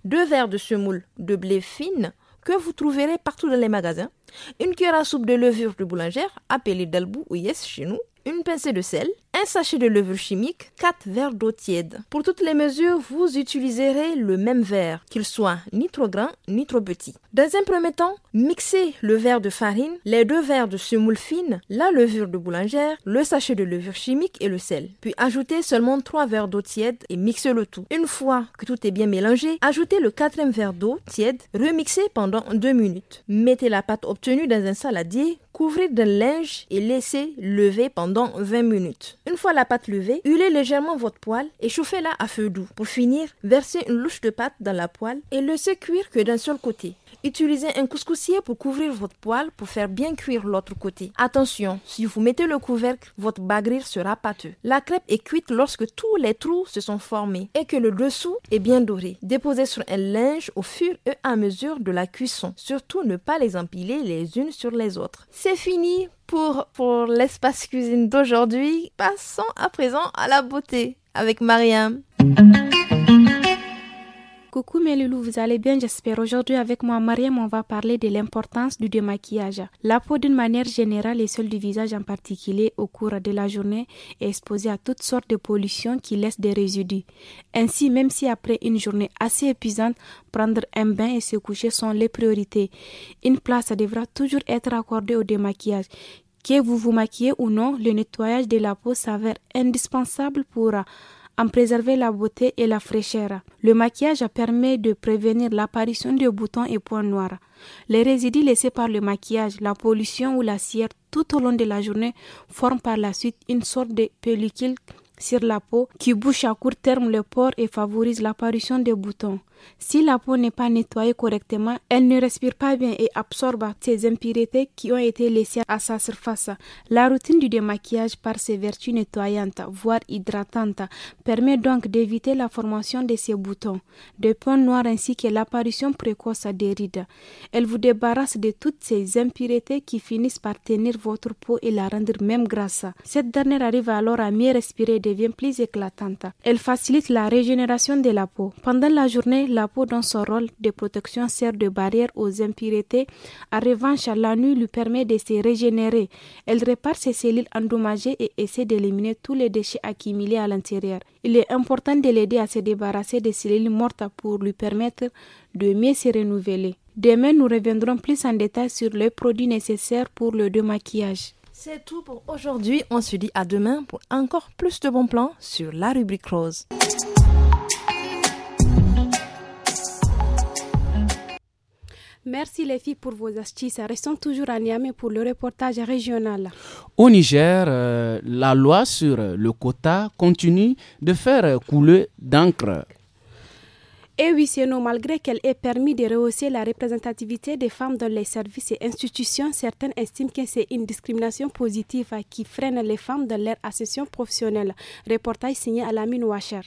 Speaker 9: deux verres de semoule de blé fine que vous trouverez partout dans les magasins, une cuillère à soupe de levure de boulangère appelée dalbou ou yes chez nous, une pincée de sel, un sachet de levure chimique, 4 verres d'eau tiède. Pour toutes les mesures, vous utiliserez le même verre, qu'il soit ni trop grand ni trop petit. Dans un premier temps, mixez le verre de farine, les deux verres de semoule fine, la levure de boulangère, le sachet de levure chimique et le sel. Puis ajoutez seulement 3 verres d'eau tiède et mixez le tout. Une fois que tout est bien mélangé, ajoutez le quatrième verre d'eau tiède, remixez pendant 2 minutes. Mettez la pâte obtenue dans un saladier, couvrez d'un linge et laissez lever pendant 20 minutes. Une fois la pâte levée, huilez légèrement votre poêle et chauffez-la à feu doux. Pour finir, versez une louche de pâte dans la poêle et laissez cuire que d'un seul côté. Utilisez un couscoussier pour couvrir votre poêle pour faire bien cuire l'autre côté. Attention, si vous mettez le couvercle, votre bagrir sera pâteux. La crêpe est cuite lorsque tous les trous se sont formés et que le dessous est bien doré. Déposez sur un linge au fur et à mesure de la cuisson. Surtout ne pas les empiler les unes sur les autres. C'est fini pour, l'espace cuisine d'aujourd'hui, passons à présent à la beauté avec Mariam. Coucou mes loulous, vous allez bien j'espère. Aujourd'hui avec moi Mariam, on va parler de l'importance du démaquillage.
Speaker 2: La peau d'une manière générale et celle du visage en particulier au cours de la journée est exposée à toutes sortes de pollutions qui laissent des résidus. Ainsi, même si après une journée assez épuisante, prendre un bain et se coucher sont les priorités, une place devra toujours être accordée au démaquillage que vous vous maquillez ou non, le nettoyage de la peau s'avère indispensable pour en préserver la beauté et la fraîcheur. Le maquillage permet de prévenir l'apparition de boutons et points noirs. Les résidus laissés par le maquillage, la pollution ou la cire tout au long de la journée forment par la suite une sorte de pellicule sur la peau qui bouche à court terme le pores et favorise l'apparition des boutons. Si la peau n'est pas nettoyée correctement, elle ne respire pas bien et absorbe ces impuretés qui ont été laissées à sa surface. La routine du démaquillage par ses vertus nettoyantes, voire hydratantes, permet donc d'éviter la formation de ces boutons, de points noirs ainsi que l'apparition précoce des rides. Elle vous débarrasse de toutes ces impuretés qui finissent par tenir votre peau et la rendre même grasse. Cette dernière arrive alors à mieux respirer et devient plus éclatante. Elle facilite la régénération de la peau. Pendant la journée, la peau dans son rôle de protection sert de barrière aux impuretés. En revanche, la nuit lui permet de se régénérer. Elle répare ses cellules endommagées et essaie d'éliminer tous les déchets accumulés à l'intérieur. Il est important de l'aider à se débarrasser des cellules mortes pour lui permettre de mieux se renouveler. Demain, nous reviendrons plus en détail sur les produits
Speaker 9: nécessaires pour le démaquillage. C'est tout pour aujourd'hui. On se dit à demain pour encore plus de bons plans sur la rubrique rose.
Speaker 2: Merci les filles pour vos astuces. Restons toujours à Niamey pour le reportage régional.
Speaker 1: Au Niger, euh, la loi sur le quota continue de faire couler d'encre.
Speaker 2: Et eh oui, c'est non, malgré qu'elle ait permis de rehausser la représentativité des femmes dans les services et institutions, certaines estiment que c'est une discrimination positive qui freine les femmes dans leur ascension professionnelle. Reportage signé à mine Wacher.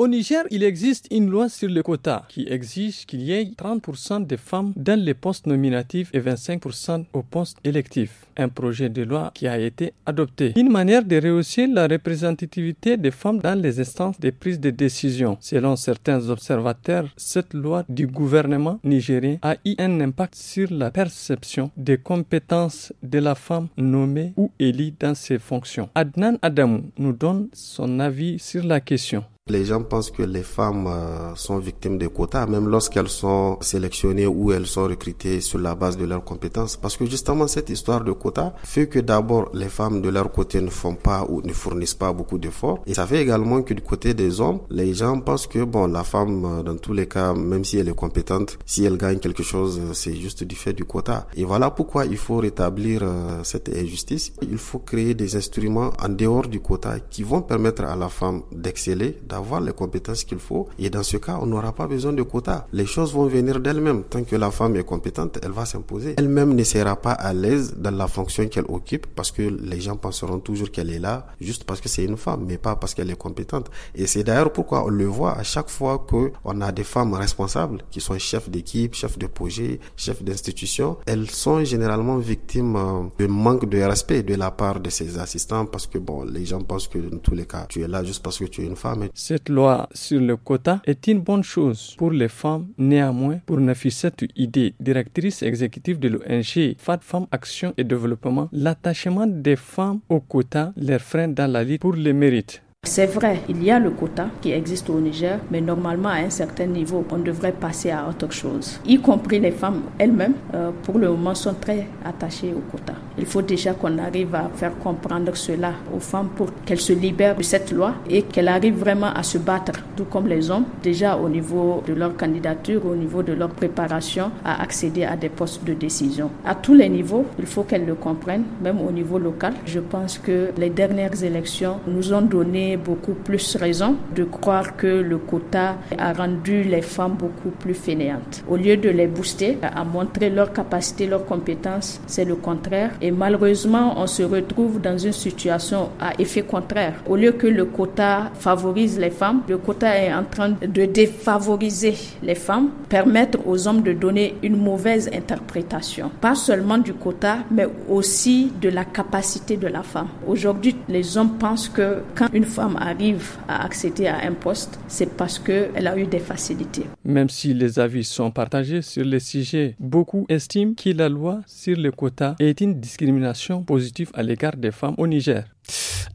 Speaker 10: Au Niger, il existe une loi sur le quota qui exige qu'il y ait 30% de femmes dans les postes nominatifs et 25% aux postes électifs. Un projet de loi qui a été adopté. Une manière de rehausser la représentativité des femmes dans les instances de prise de décision. Selon certains observateurs, cette loi du gouvernement nigérien a eu un impact sur la perception des compétences de la femme nommée ou élue dans ses fonctions. Adnan Adam nous donne son avis sur la question.
Speaker 11: Les gens pensent que les femmes euh, sont victimes des quotas, même lorsqu'elles sont sélectionnées ou elles sont recrutées sur la base de leurs compétences. Parce que justement, cette histoire de quotas fait que d'abord, les femmes de leur côté ne font pas ou ne fournissent pas beaucoup d'efforts. Et ça fait également que du côté des hommes, les gens pensent que, bon, la femme, euh, dans tous les cas, même si elle est compétente, si elle gagne quelque chose, euh, c'est juste du fait du quota. Et voilà pourquoi il faut rétablir cette injustice. Il faut créer des instruments en dehors du quota qui vont permettre à la femme d'exceller, avoir les compétences qu'il faut. Et dans ce cas, on n'aura pas besoin de quotas. Les choses vont venir d'elles-mêmes. Tant que la femme est compétente, elle va s'imposer. Elle-même ne sera pas à l'aise dans la fonction qu'elle occupe parce que les gens penseront toujours qu'elle est là juste parce que c'est une femme, mais pas parce qu'elle est compétente. Et c'est d'ailleurs pourquoi on le voit à chaque fois que on a des femmes responsables qui sont chefs d'équipe, chefs de projet, chefs d'institution. Elles sont généralement victimes euh, de manque de respect de la part de ses assistants parce que bon, les gens pensent que dans tous les cas, tu es là juste parce que tu es une femme
Speaker 10: cette loi sur le quota est une bonne chose pour les femmes. Néanmoins, pour cette Idée, directrice exécutive de l'ONG FAD Femmes Action et Développement, l'attachement des femmes au quota leur freine dans la lutte pour le mérite.
Speaker 12: C'est vrai, il y a le quota qui existe au Niger, mais normalement à un certain niveau, on devrait passer à autre chose. Y compris les femmes elles-mêmes, euh, pour le moment, sont très attachées au quota. Il faut déjà qu'on arrive à faire comprendre cela aux femmes pour qu'elles se libèrent de cette loi et qu'elles arrivent vraiment à se battre, tout comme les hommes, déjà au niveau de leur candidature, au niveau de leur préparation à accéder à des postes de décision. À tous les niveaux, il faut qu'elles le comprennent, même au niveau local. Je pense que les dernières élections nous ont donné beaucoup plus raison de croire que le quota a rendu les femmes beaucoup plus fainéantes. Au lieu de les booster, à montrer leur capacité, leurs compétences, c'est le contraire. Et malheureusement, on se retrouve dans une situation à effet contraire. Au lieu que le quota favorise les femmes, le quota est en train de défavoriser les femmes, permettre aux hommes de donner une mauvaise interprétation, pas seulement du quota, mais aussi de la capacité de la femme. Aujourd'hui, les hommes pensent que quand une femme arrive à accéder à un poste, c'est parce qu'elle a eu des facilités.
Speaker 10: Même si les avis sont partagés sur le sujet, beaucoup estiment que la loi sur le quota est une discrimination positive à l'égard des femmes au Niger.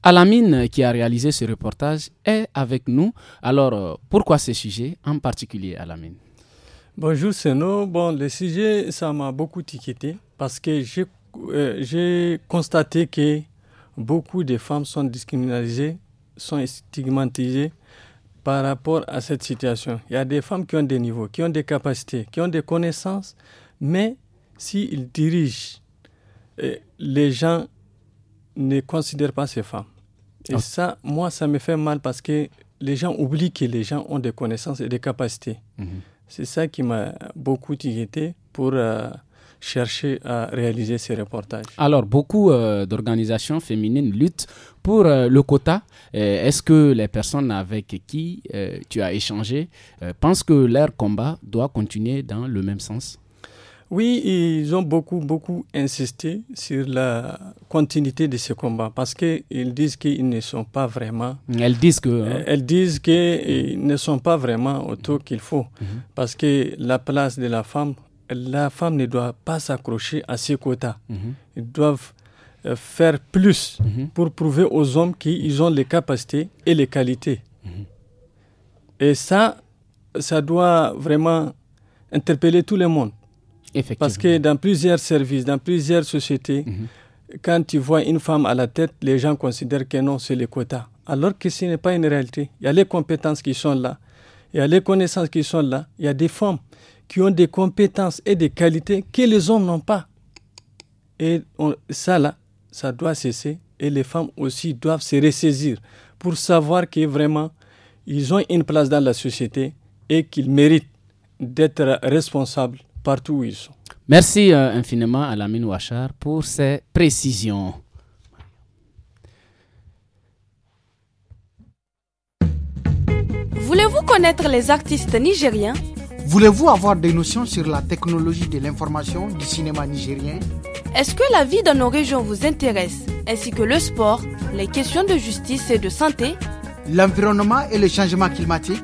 Speaker 10: Alamine, qui a
Speaker 1: réalisé ce reportage, est avec nous. Alors, euh, pourquoi ce sujet en particulier, Alamine
Speaker 10: Bonjour Seno. Bon, le sujet, ça m'a beaucoup inquiété parce que euh, j'ai constaté que beaucoup de femmes sont discriminées, sont stigmatisées par rapport à cette situation. Il y a des femmes qui ont des niveaux, qui ont des capacités, qui ont des connaissances, mais s'ils dirigent les gens ne considèrent pas ces femmes. Et ah. ça, moi, ça me fait mal parce que les gens oublient que les gens ont des connaissances et des capacités. Mhm. C'est ça qui m'a beaucoup tiré pour euh, chercher à réaliser ces reportages.
Speaker 1: Alors, beaucoup euh, d'organisations féminines luttent pour euh, le quota. Est-ce que les personnes avec qui tu as échangé pensent que leur
Speaker 10: combat doit continuer dans le même sens oui, ils ont beaucoup, beaucoup insisté sur la continuité de ce combat parce qu'ils disent qu'ils ne sont pas vraiment. Elles disent que. Hein. Euh, elles disent qu'ils euh, ne sont pas vraiment autour qu'il faut mhm. Mhm. parce que la place de la femme, la femme ne doit pas s'accrocher à ses quotas. Mhm. Ils doivent euh, faire plus pour prouver aux hommes qu'ils ont les capacités et les qualités. Et ça, ça doit vraiment interpeller tout le monde. Parce que dans plusieurs services, dans plusieurs sociétés, mhm. quand tu vois une femme à la tête, les gens considèrent que non, c'est les quotas. Alors que ce n'est pas une réalité. Il y a les compétences qui sont là, il y a les connaissances qui sont là, il y a des femmes qui ont des compétences et des qualités que les hommes n'ont pas. Et ça, là, ça doit cesser. Et les femmes aussi doivent se ressaisir pour savoir que vraiment, ils ont une place dans la société et qu'ils méritent d'être responsables partout où ils sont.
Speaker 1: Merci euh, infiniment à Lamine Ouachar pour ses précisions.
Speaker 13: Voulez-vous connaître les artistes nigériens
Speaker 11: Voulez-vous avoir des notions sur la technologie de l'information du cinéma nigérien
Speaker 13: Est-ce que la vie dans nos régions vous intéresse, ainsi que le sport, les questions de justice et de santé
Speaker 11: L'environnement et le changement climatique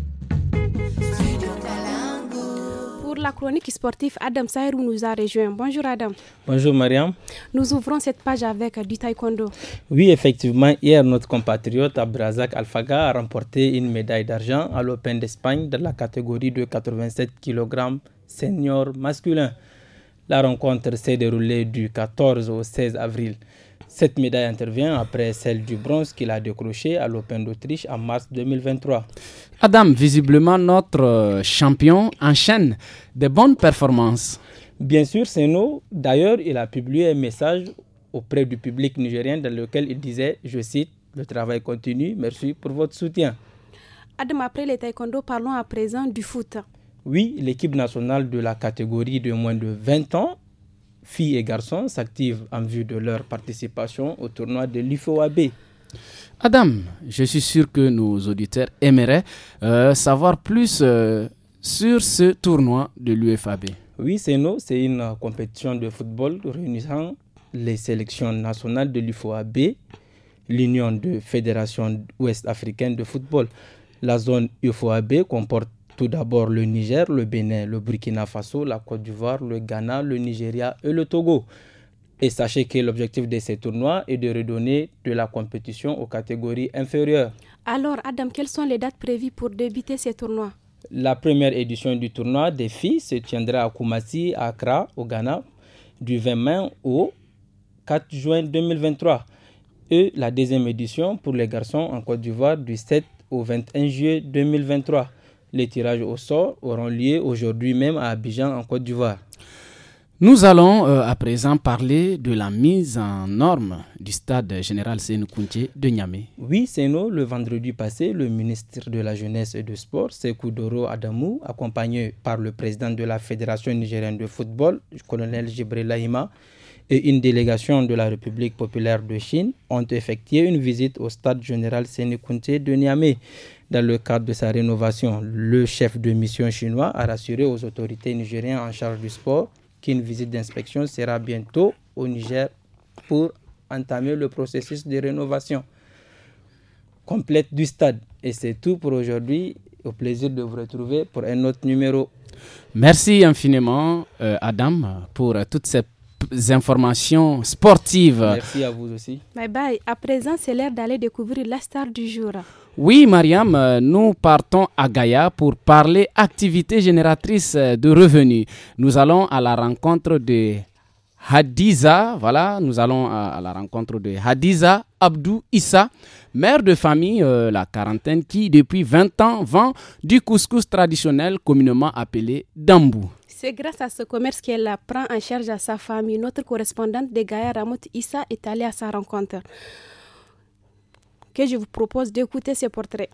Speaker 2: la chronique sportive, Adam Sahir nous a rejoint. Bonjour Adam.
Speaker 14: Bonjour Mariam.
Speaker 2: Nous ouvrons cette page avec euh, du taekwondo.
Speaker 14: Oui, effectivement, hier, notre compatriote Abrazak Alfaga a remporté une médaille d'argent à l'Open d'Espagne dans la catégorie de 87 kg senior masculin. La rencontre s'est déroulée du 14 au 16 avril. Cette médaille intervient après celle du bronze qu'il a décroché à l'Open d'Autriche en mars
Speaker 1: 2023. Adam, visiblement notre euh, champion, enchaîne de bonnes performances. Bien sûr, c'est nous. d'ailleurs, il a publié un message
Speaker 14: auprès du public nigérien dans lequel il disait, je cite, le travail continue, merci pour votre soutien.
Speaker 2: Adam, après les taekwondo, parlons à présent du foot.
Speaker 14: Oui, l'équipe nationale de la catégorie de moins de 20 ans filles et garçons s'activent en vue de leur participation au tournoi de l'UFOAB.
Speaker 1: Adam, je suis sûr que nos auditeurs aimeraient euh, savoir plus euh, sur ce tournoi de l'UFOAB.
Speaker 14: Oui, c'est nous, c'est une compétition de football réunissant
Speaker 1: les sélections
Speaker 14: nationales de l'UFOAB, l'Union de Fédération ouest Africaine de Football. La zone UFOAB comporte tout d'abord le Niger, le Bénin, le Burkina Faso, la Côte d'Ivoire, le Ghana, le Nigeria et le Togo. Et sachez que l'objectif de ces tournois est de redonner de la compétition aux catégories inférieures.
Speaker 2: Alors, Adam, quelles sont les dates prévues pour débuter ces tournois
Speaker 14: La première édition du tournoi des filles se tiendra à Kumasi, Accra, au Ghana, du 20 mai au 4 juin 2023. Et la deuxième édition pour les garçons en Côte d'Ivoire du 7 au 21 juillet 2023. Les tirages au sort auront lieu aujourd'hui même à
Speaker 1: Abidjan en Côte d'Ivoire. Nous allons euh, à présent parler de la mise en norme du stade général séné de Niamey. Oui, c'est nous. le vendredi passé,
Speaker 14: le ministre de la Jeunesse et du Sport, Sekou Adamou, accompagné par le président de la Fédération nigérienne de football, le colonel Jibril Lahima, et une délégation de la République populaire de Chine, ont effectué une visite au stade général séné Kounté de Niamey. Dans le cadre de sa rénovation, le chef de mission chinois a rassuré aux autorités nigériennes en charge du sport qu'une visite d'inspection sera bientôt au Niger pour entamer le processus de rénovation complète du stade. Et c'est tout pour aujourd'hui. Au plaisir de vous retrouver pour un autre numéro.
Speaker 1: Merci infiniment, euh, Adam, pour euh, toutes ces informations sportives. Merci
Speaker 14: à vous aussi.
Speaker 2: Bye bye. À présent, c'est l'heure d'aller découvrir la star du jour.
Speaker 1: Oui, Mariam, euh, nous partons à Gaïa pour parler activités génératrices euh, de revenus. Nous allons à la rencontre de Hadiza, voilà, nous allons à, la rencontre de Hadiza Abdou Issa, mère de famille, euh, la quarantaine, qui depuis 20 ans vend du couscous traditionnel communément appelé dambou.
Speaker 2: C'est grâce à ce commerce qu'elle prend en charge à sa famille. Notre correspondante de Gaïa, Ramout Issa, est allée à sa rencontre que je vous propose d'écouter ce portrait.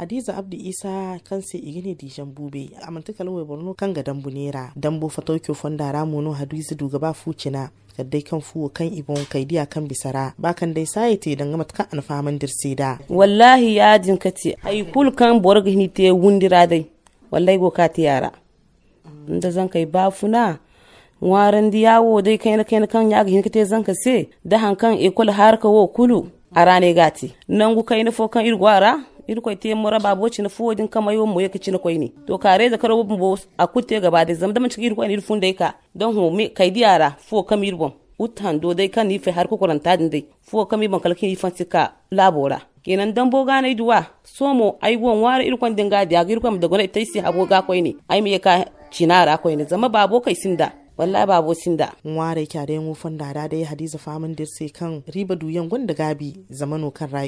Speaker 15: hadiza abdi isa kan se Igini di jambube amanta kalwe borno kan ga dambu nera dambu fatokyo fonda ramu no hadiza duga ba fucina kaddai kan fuwo kan ibon kai diya kan bisara ba dai te anfaman wallahi ya jinkati ai
Speaker 16: kul kan borga ni te wundira dai wallahi go ka yara inda funa waran diyawo dai kai kan ya ga se da hankan ikul har wo kulu arane gati nangu kai fo kan irgwara irkoy te mura babo na. fuwojin kama ya moye na kwai ni to kare da karo a kute gaba da zama da man cikin irkoy ni irfun dai ka don hu me kai yara fo kam irbon utan do dai kan nife har ko koranta din dai fo kam irbon kalkin ifan sika labora kenan dan boga na duwa somo ai gon ware irkon dinga da irkon da gona itaisi aboga koy ni ai me ka
Speaker 15: cinara kwai ne zama babo kai sinda wallahi ba bosin da ware kya da yango fanda da dai hadiza famin dir sai kan riba duyan gwanda gabi zamano kan ra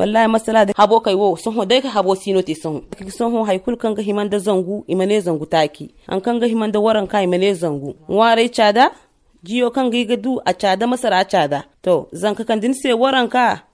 Speaker 15: wallahi masala da habo kai
Speaker 16: wo sun ho dai ka habo sino te sun sun ho haikul kan ga himan da zangu imane zangu taki an kan ga himan da waran kai imane zangu ware cada jiyo kan ga du a cada masara cada to zan ka kan din sai waran ka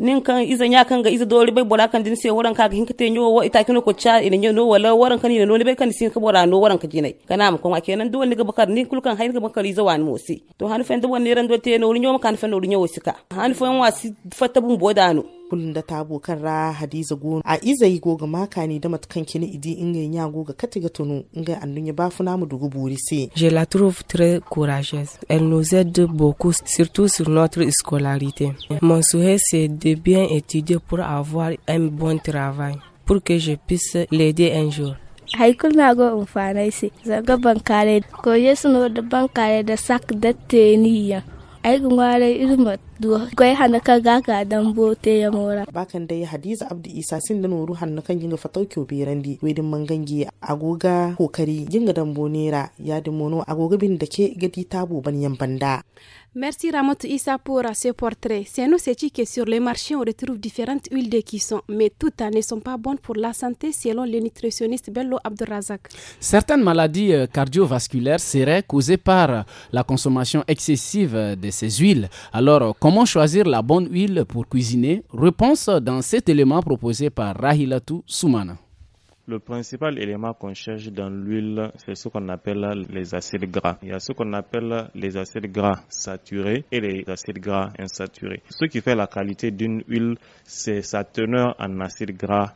Speaker 16: nin kan iza nya kan ga iza dole bai bora kan din se waran ka hin te nyo wa ita kino ko cha ina nyo no wala waran kan ina no bai kan sin ka bora no waran ka jinai kana mu kuma kenan dole ni ga bakar nin kulkan hain ga bakar iza wani mosi to han fen da wani ran dole te
Speaker 15: no nyo kan fen no nyo wasika han fen wasi fatabun bodano kullum da tabo kan ra hadiza go a izayi goga maka ne da matukan kini idi inga nya goga katiga tunu inga annun ya bafu namu dugu buri se
Speaker 16: je la trouve très courageuse elle nous aide beaucoup surtout sur notre scolarité mon souhait c'est de bien étudier pour avoir un bon travail pour que je puisse l'aider un jour
Speaker 13: haikul na go umfanai se zaga bankare ko yesu no da bankare da sak da teniya ai ngware ba duwa kwai hannukan gaka don bote ya mora bakan dai hadiza
Speaker 15: abdu isa sin da noru hannukan ginga fatau beren berandi wedin mangangi agoga kokari ginga dan bonera ya dimono agoga bin da ke gadi tabo banyan banda
Speaker 2: Merci Ramot Issa pour euh, ce portrait. C'est nous c'est que sur les marchés on retrouve différentes huiles de cuisson, mais toutes euh, ne sont pas bonnes pour la santé selon le nutritionniste Bello Abdurazak.
Speaker 1: Certaines maladies euh, cardiovasculaires seraient causées par la consommation excessive de ces huiles. Alors, comment choisir la bonne huile pour cuisiner Réponse dans cet élément proposé par Rahilatou Soumana.
Speaker 6: Le principal élément qu'on cherche dans l'huile, c'est ce qu'on appelle les acides gras. Il y a ce qu'on appelle les acides gras saturés et les acides gras insaturés. Ce qui fait la qualité d'une huile, c'est sa teneur en acides gras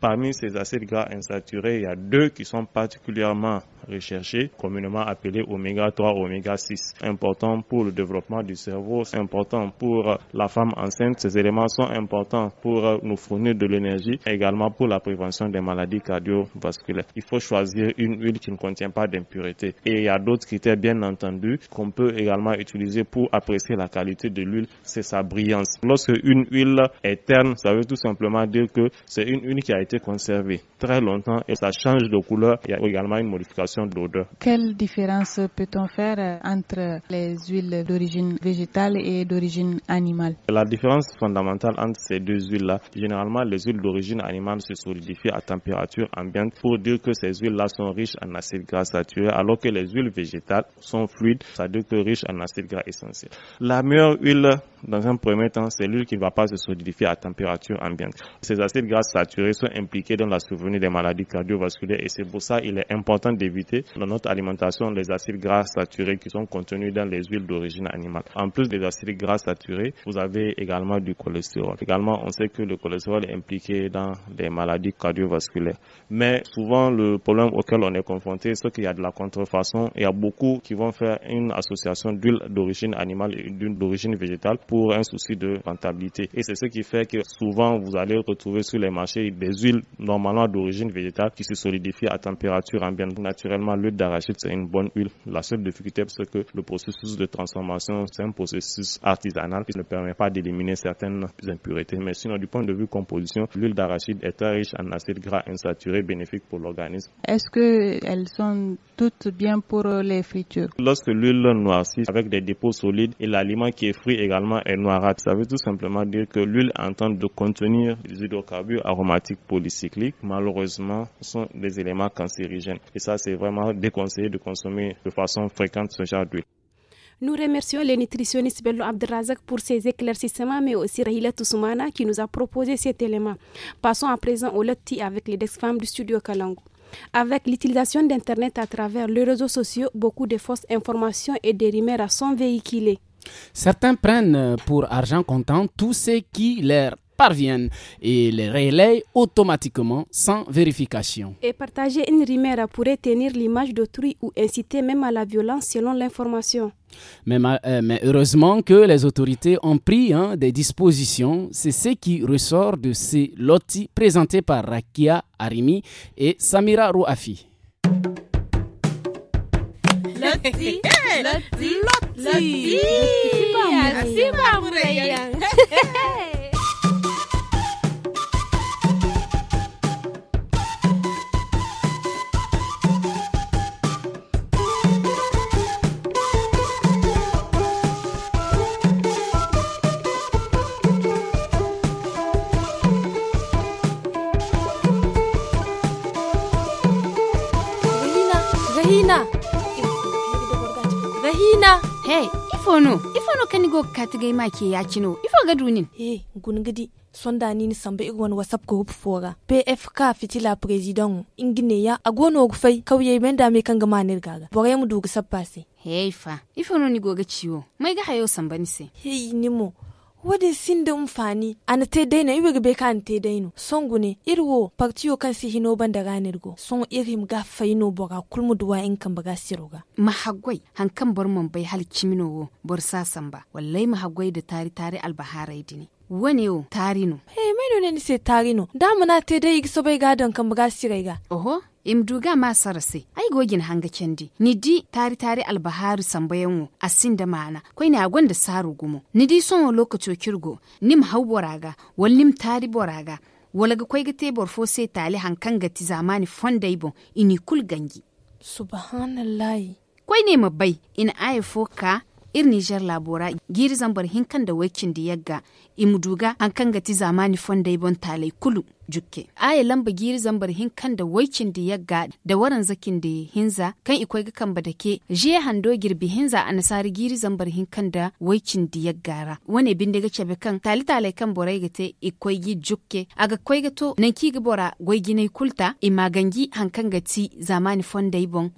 Speaker 6: Parmi ces acides gras insaturés, il y a deux qui sont particulièrement recherchés, communément appelés oméga 3, oméga 6. Important pour le développement du cerveau, c'est important pour euh, la femme enceinte. Ces éléments sont importants pour euh, nous fournir de l'énergie, également pour la prévention des maladies cardiovasculaires. Il faut choisir une huile qui ne contient pas d'impuretés. Et il y a d'autres critères, bien entendu, qu'on peut également utiliser pour apprécier la qualité de l'huile, c'est sa brillance. Lorsque une huile est terne, ça veut tout simplement dire que c'est une, qui a été conservée très longtemps et ça change de couleur. Il y a également une modification d'odeur.
Speaker 2: Quelle différence peut-on faire entre les huiles d'origine végétale et d'origine animale
Speaker 6: La différence fondamentale entre ces deux huiles-là, généralement les huiles d'origine animale se solidifient à température ambiante pour dire que ces huiles-là sont riches en acides gras saturés alors que les huiles végétales sont fluides, Ça veut dire que riches en acides gras essentiels. La meilleure huile dans un premier temps, c'est l'huile qui ne va pas se solidifier à température ambiante. Ces acides gras saturés sont impliqués dans la survenue des maladies cardiovasculaires et c'est pour ça il est important d'éviter dans notre alimentation les acides gras saturés qui sont contenus dans les huiles d'origine animale. En plus des acides gras saturés, vous avez également du cholestérol. Également, on sait que le cholestérol est impliqué dans des maladies cardiovasculaires. Mais souvent, le problème auquel on est confronté, c'est qu'il y a de la contrefaçon. Il y a beaucoup qui vont faire une association d'huile d'origine animale et d'huile d'origine végétale pour un souci de rentabilité. Et c'est ce qui fait que souvent, vous allez retrouver sur les des huiles normalement d'origine végétale qui se solidifient à température ambiante. Naturellement, l'huile d'arachide, c'est une bonne huile. La seule difficulté, c'est que le processus de transformation, c'est un processus artisanal qui ne permet pas d'éliminer certaines impuretés. Mais sinon, du point de vue composition, l'huile d'arachide est très riche en acides gras insaturés bénéfiques pour l'organisme.
Speaker 2: Est-ce qu'elles sont toutes bien pour les fritures
Speaker 6: Lorsque l'huile noircit avec des dépôts solides et l'aliment qui est frit également est noirâtre, ça veut tout simplement dire que l'huile en train de contenir des hydrocarbures aromatiques polycycliques, malheureusement, sont des éléments cancérigènes. Et ça, c'est vraiment déconseillé de consommer de façon fréquente ce genre d'huile.
Speaker 2: Nous remercions les nutritionnistes Bello Abdelrazak pour ses éclaircissements, mais aussi Rahila Toussoumana qui nous a proposé cet élément. Passons à présent au Lotti avec les ex femmes du studio Kalango. Avec l'utilisation d'Internet à travers les réseaux sociaux, beaucoup de fausses informations et des rumeurs sont véhiculées.
Speaker 1: Certains prennent pour argent comptant tout ce qui leur parviennent et les relayent automatiquement sans vérification.
Speaker 2: Et partager une rumeur pourrait tenir l'image d'autrui ou inciter même à la violence selon l'information.
Speaker 1: Mais, euh, heureusement que les autorités ont pris hein, des dispositions. C'est ce qui ressort de ces lotis présentés par Rakia Arimi et Samira Rouafi.
Speaker 13: vahina vahina he ifono ifono kanigo katigai make yachino ifo gadunin e ngungadi sondanini sambe igon whatsapp ko hupfoga pfk fiti la president ingine ya agono ogufai kauye menda me kanga manir gaga boga yamu dugu sappase
Speaker 17: hey fa ifono
Speaker 13: ni goga chiwo mai ga hayo sambani se hey nimo sin da umfani ana te daina iwe ga ka an te son songune irwo partiyo kan si hino banda ganirgo son irim ga faino boga kulmu duwa in kan baga ga. mahagwai hankan bar man bai hal kimino wo bar sasan
Speaker 17: ba wallahi mahagwai da tari tari albaharai dini wani tari tarino he mai ne ni se tarino da muna te dai igso bai gadon kan baga siraiga oho imduga ma sarase ai gogin hanga kendi nidi tari tari albaharu sambayenwo da mana koi ne agonda saru gumo nidi son lokaco kirgo nim hau boraga wal nim tari boraga walaga koi ga tebor fo se tali hankan gati zamani fonda ibo ini kul gangi
Speaker 13: subhanallah
Speaker 17: koi ne mabai in ai foka ka ir niger labora girizan bar hinkan da wakin da yagga imduga hankan gati zamani fonda ibon talai kulu jukke aya lamba giri zambar hin kan da waikin da yagga da waran zakin da hinza kan ikwai ga kan badake je hando girbi hinza a nasari giri zambar hin kan da waikin da yaggara Wane bin daga cebe kan tali talai kan borai ga te ikwai gi jukke aga kwai ga to nan ki ga bora gwai gine kulta imagangi hankan ga ti zamani fonda ibon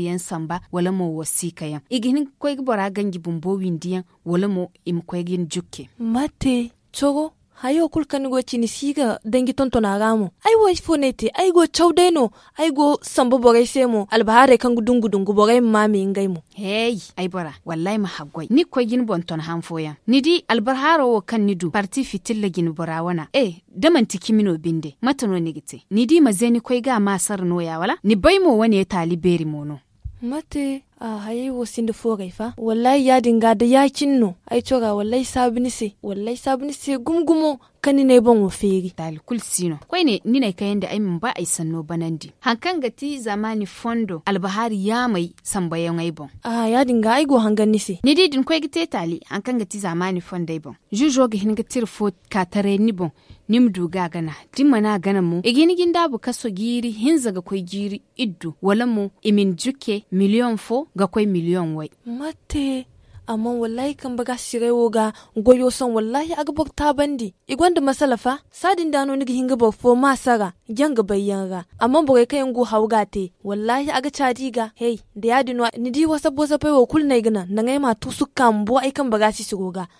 Speaker 17: yan samba wala mo wasikayan igin kwai ga bora gangi bumbo windiyan wala mo im kwai gin jukke
Speaker 13: mate chogo hayo kulkan go chini siga dengi tonto na gamu ai wo fonete ai go chawdeno ai go sambo bogai semo albahare kan gudun gudun go bogai mami ngai mu hey ai bora wallahi ma haggoi ni ko gin bonton
Speaker 17: hanfoya ni di albahare wo kan nidu parti fitilla gin bora wana eh daman tiki mino binde matano nigite ni di mazeni koi ga masar noya wala ni bai wani talibere mono
Speaker 13: mate a haye sin da fogai fa wallahi ya dinga da yakin no ai ga wallahi sabini se wallahi sabini se gumgumo kani ne ban woferi dal
Speaker 17: sino kai ne ni nina kayan da min ba ai sanno banandi hankan gati zamani fondo albahari ya mai sambayan bon a ya dinga go hangan se ni didin kwai gite tali hankan gati zamani fondo bon jujo ga hin gatir fo katare ni bon nimdu gagana dimana gana mu iginigin bu kaso giri hinza ga koi giri iddu wala mu imin juke miliyon fo ga koi miliyon wai
Speaker 13: mate amma wallahi kan baga sire woga goyo son wallahi aga bok ta bandi igwanda masala fa sadin no nigi hinga bok fo masara janga ga amma bugai kai go hauga te wallahi aga ga hey da ya dinwa ni di wasa bosa pe wo kulna igna ngai ma tu su kambo ai kan baga shi sugoga (laughs)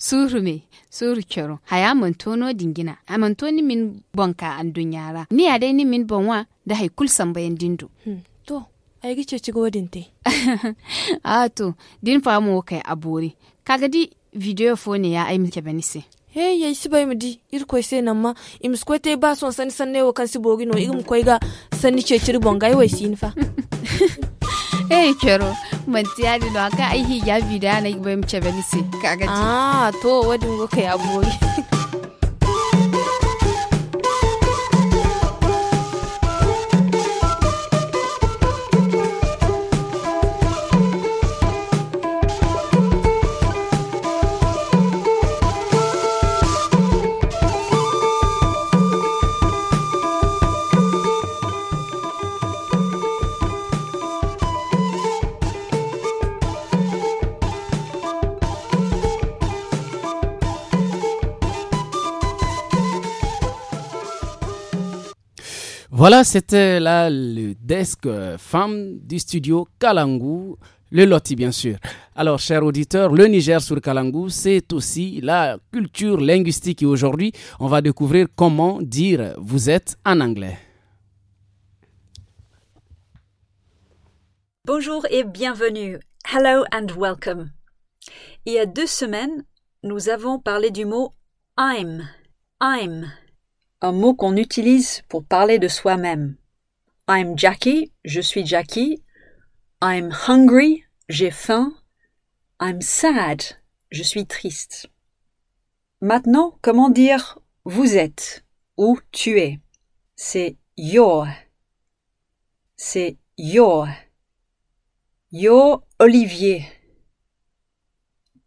Speaker 17: suru me suru kyoro haya mantono dingina a mantoni min bonka an dunyara ni ya dai ni min bonwa da haikul sambayan dindu hmm. ai gice ci godin te a (laughs) ah, to din fa mu kai abori kaga di video ne ya ai mike benise he
Speaker 13: yai si bai di ir koy sai nan ma im sko te ba son sani sanne wo kan si bogi no igum koi ga sani ce ciri bonga ai wai sin fa (laughs) eh kero man tiyadi no aka ai hi ya video
Speaker 17: na igum benise kaga ti a ah, to wadin go kai abori (laughs)
Speaker 1: Voilà, c'était là le desk euh, femme du studio Kalangu, le loti bien sûr. Alors, chers auditeurs, le Niger sur Kalangu, c'est aussi la culture linguistique et aujourd'hui, on va découvrir comment dire vous êtes en anglais.
Speaker 18: Bonjour et bienvenue. Hello and welcome. Il y a deux semaines, nous avons parlé du mot I'm. I'm un mot qu'on utilise pour parler de soi-même. I'm Jackie, je suis Jackie. I'm hungry, j'ai faim. I'm sad, je suis triste. Maintenant, comment dire vous êtes ou tu es C'est your. C'est your. Yo Olivier.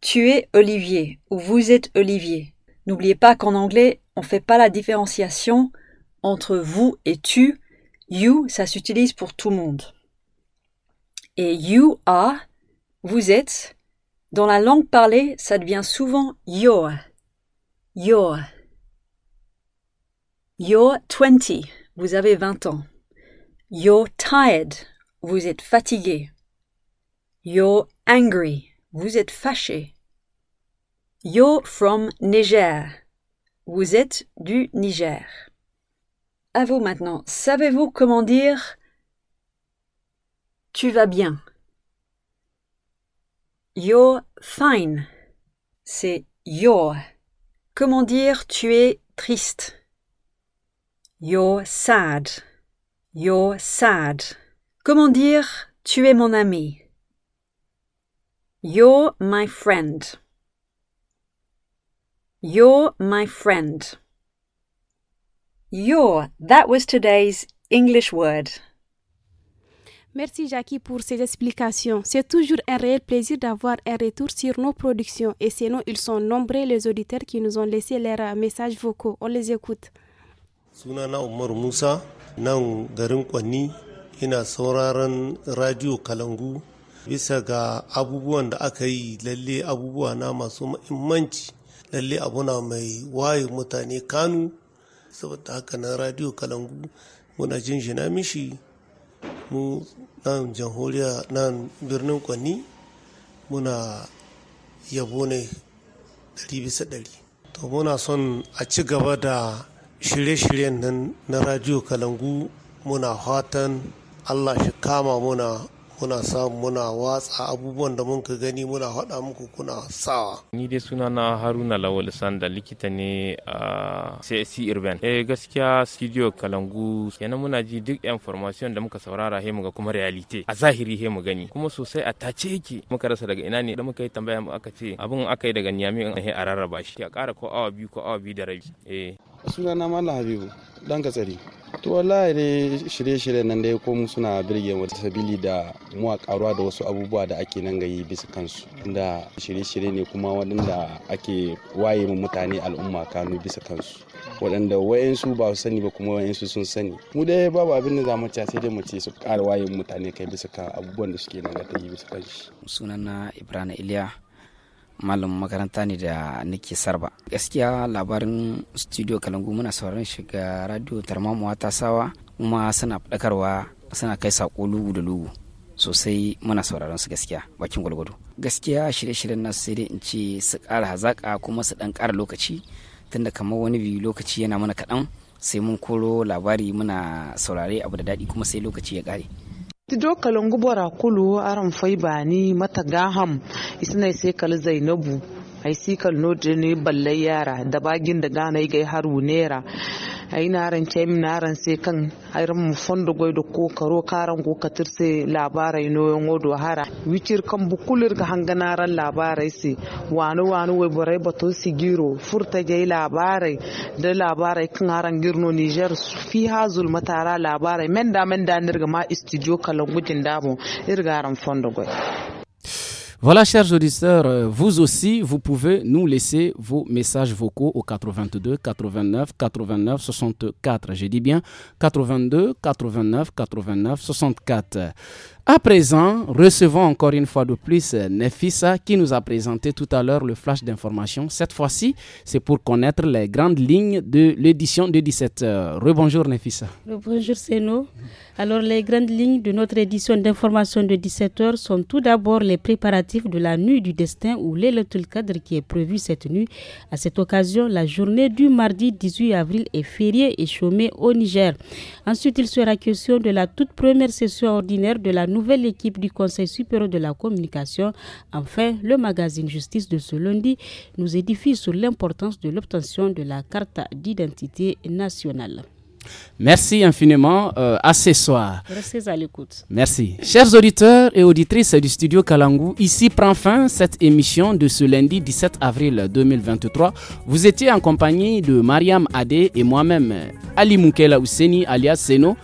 Speaker 18: Tu es Olivier ou vous êtes Olivier. N'oubliez pas qu'en anglais, on ne fait pas la différenciation entre vous et tu. You, ça s'utilise pour tout le monde. Et you are, vous êtes, dans la langue parlée, ça devient souvent your. Your. You're 20, vous avez 20 ans. You're tired, vous êtes fatigué. You're angry, vous êtes fâché. You're from Niger. Vous êtes du Niger. À vous maintenant. Savez-vous comment dire Tu vas bien You're fine. C'est yo Comment dire tu es triste You're sad. You're sad. Comment dire tu es mon ami You're my friend. You're my friend. You're, that was today's English word.
Speaker 2: Merci Jackie pour ces explications. C'est toujours un réel plaisir d'avoir un retour sur nos productions et sinon ils sont nombreux les auditeurs qui nous ont laissé leurs euh, messages vocaux. On les écoute.
Speaker 11: Sunana Omar Moussa, nan garin Kwani, ina sauraron Radio Kalangu bisa ga abubuwan da aka yi lalle abubuwa na masu lalle abuna mai waye mutane kanu saboda haka na radio kalangu muna jin na mishi mu nan jamhuriya nan birnin kwanni muna yabo ne ɗari bisa ɗari to muna son a ci gaba da shirye-shiryen nan na radio kalangu muna fatan allah shi kama muna kuna samu muna watsa abubuwan da mun ka gani muna haɗa muku kuna sawa
Speaker 14: ni dai suna na haruna lawal sanda likita ne a csc urban eh gaskiya studio kalangu kenan muna ji duk information da muka saurara he muga kuma realite a zahiri he mu gani kuma sosai a tace yake muka rasa daga ina ne da muka yi tambaya mu aka ce abin aka yi daga niyami in a rarraba shi a ƙara ko awa biyu ko awa biyu da rabi eh
Speaker 11: sunana mallam habibu dan to wallahi ne shirye shirye nan da ya komu suna birge wata sabili da mu a karuwa da wasu abubuwa da ake nan gayi bisa kansu inda shirye-shirye ne kuma waɗanda ake waye mu mutane al'umma kanu bisa kansu waɗanda wayansu ba su sani ba kuma wayansu sun sani mu dai babu abin da za mu sai dai mu ce su ƙara waye mutane kai bisa kan abubuwan da suke nan ga ta yi bisa kansu
Speaker 2: sunana ibrahim iliya malamin makaranta ne da nake sarba gaskiya labarin studio kalangu muna sauraron shiga radio tarmamuwa ta sawa kuma suna fadakarwa suna kai sako lugu da lugu sosai muna sauraron su gaskiya bakin gwalgwado gaskiya shirye-shiryen nasu sai dai in ce su ƙara hazaƙa kuma su ɗan kara lokaci tunda kamar wani biyu lokaci yana mana kaɗan sai mun koro labari muna saurare abu da daɗi kuma sai lokaci ya ƙare
Speaker 16: dokalin do kulu aran fai bani mata gaham isna sai kal zainabu ai sikal no ne ballai yara da bagin da gana gai haru nera ai naran cem naran se kan ayran mu fondo goydo ko karo karan go sai labarai noyon wado hara wicir kan bukulir ga hanganaran labarai se wani wani wai bato sigiro furta jai labarai da labarai kan haran girno niger fi hazul matara labarai menda menda nirga ma istijo gujin damo irgaran fondo goy
Speaker 1: Voilà, chers auditeurs, euh, vous aussi, vous pouvez nous laisser vos messages vocaux au 82 89 89 64. J'ai dit bien 82 89 89 64. À présent, recevons encore une fois de plus euh, Nefissa qui nous a présenté tout à l'heure le flash d'information. Cette fois-ci, c'est pour connaître les grandes lignes de l'édition de 17h. Rebonjour Nefissa.
Speaker 3: Rebonjour Seno. Alors les grandes lignes de notre édition d'information de 17h sont tout d'abord les préparatifs de la nuit du destin ou l'électrique cadre qui est prévu cette nuit. À cette occasion, la journée du mardi 18 avril est fériée et chômée au Niger. Ensuite, il sera question de la toute première session ordinaire de la nouvelle équipe du Conseil supérieur de la communication. Enfin, le magazine Justice de ce lundi nous édifie sur l'importance de l'obtention de la carte d'identité nationale.
Speaker 1: Merci infiniment. Euh, à ce soir. Merci à l'écoute. Merci. Chers auditeurs et auditrices du studio Kalangou. ici prend fin cette émission de ce lundi 17 avril 2023. Vous étiez en compagnie de Mariam Adé et moi-même, Ali Moukela Ousseni alias Seno.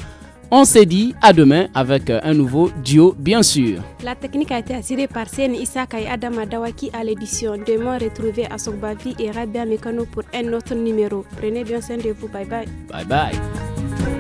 Speaker 1: On se dit à demain avec un nouveau duo, bien sûr.
Speaker 2: La technique a été assurée par Sen Isaka et Adama Dawaki à l'édition. Demain, retrouvez Asokbavi et Rabia Mekano pour un autre numéro. Prenez bien soin de vous. Bye bye.
Speaker 1: Bye bye.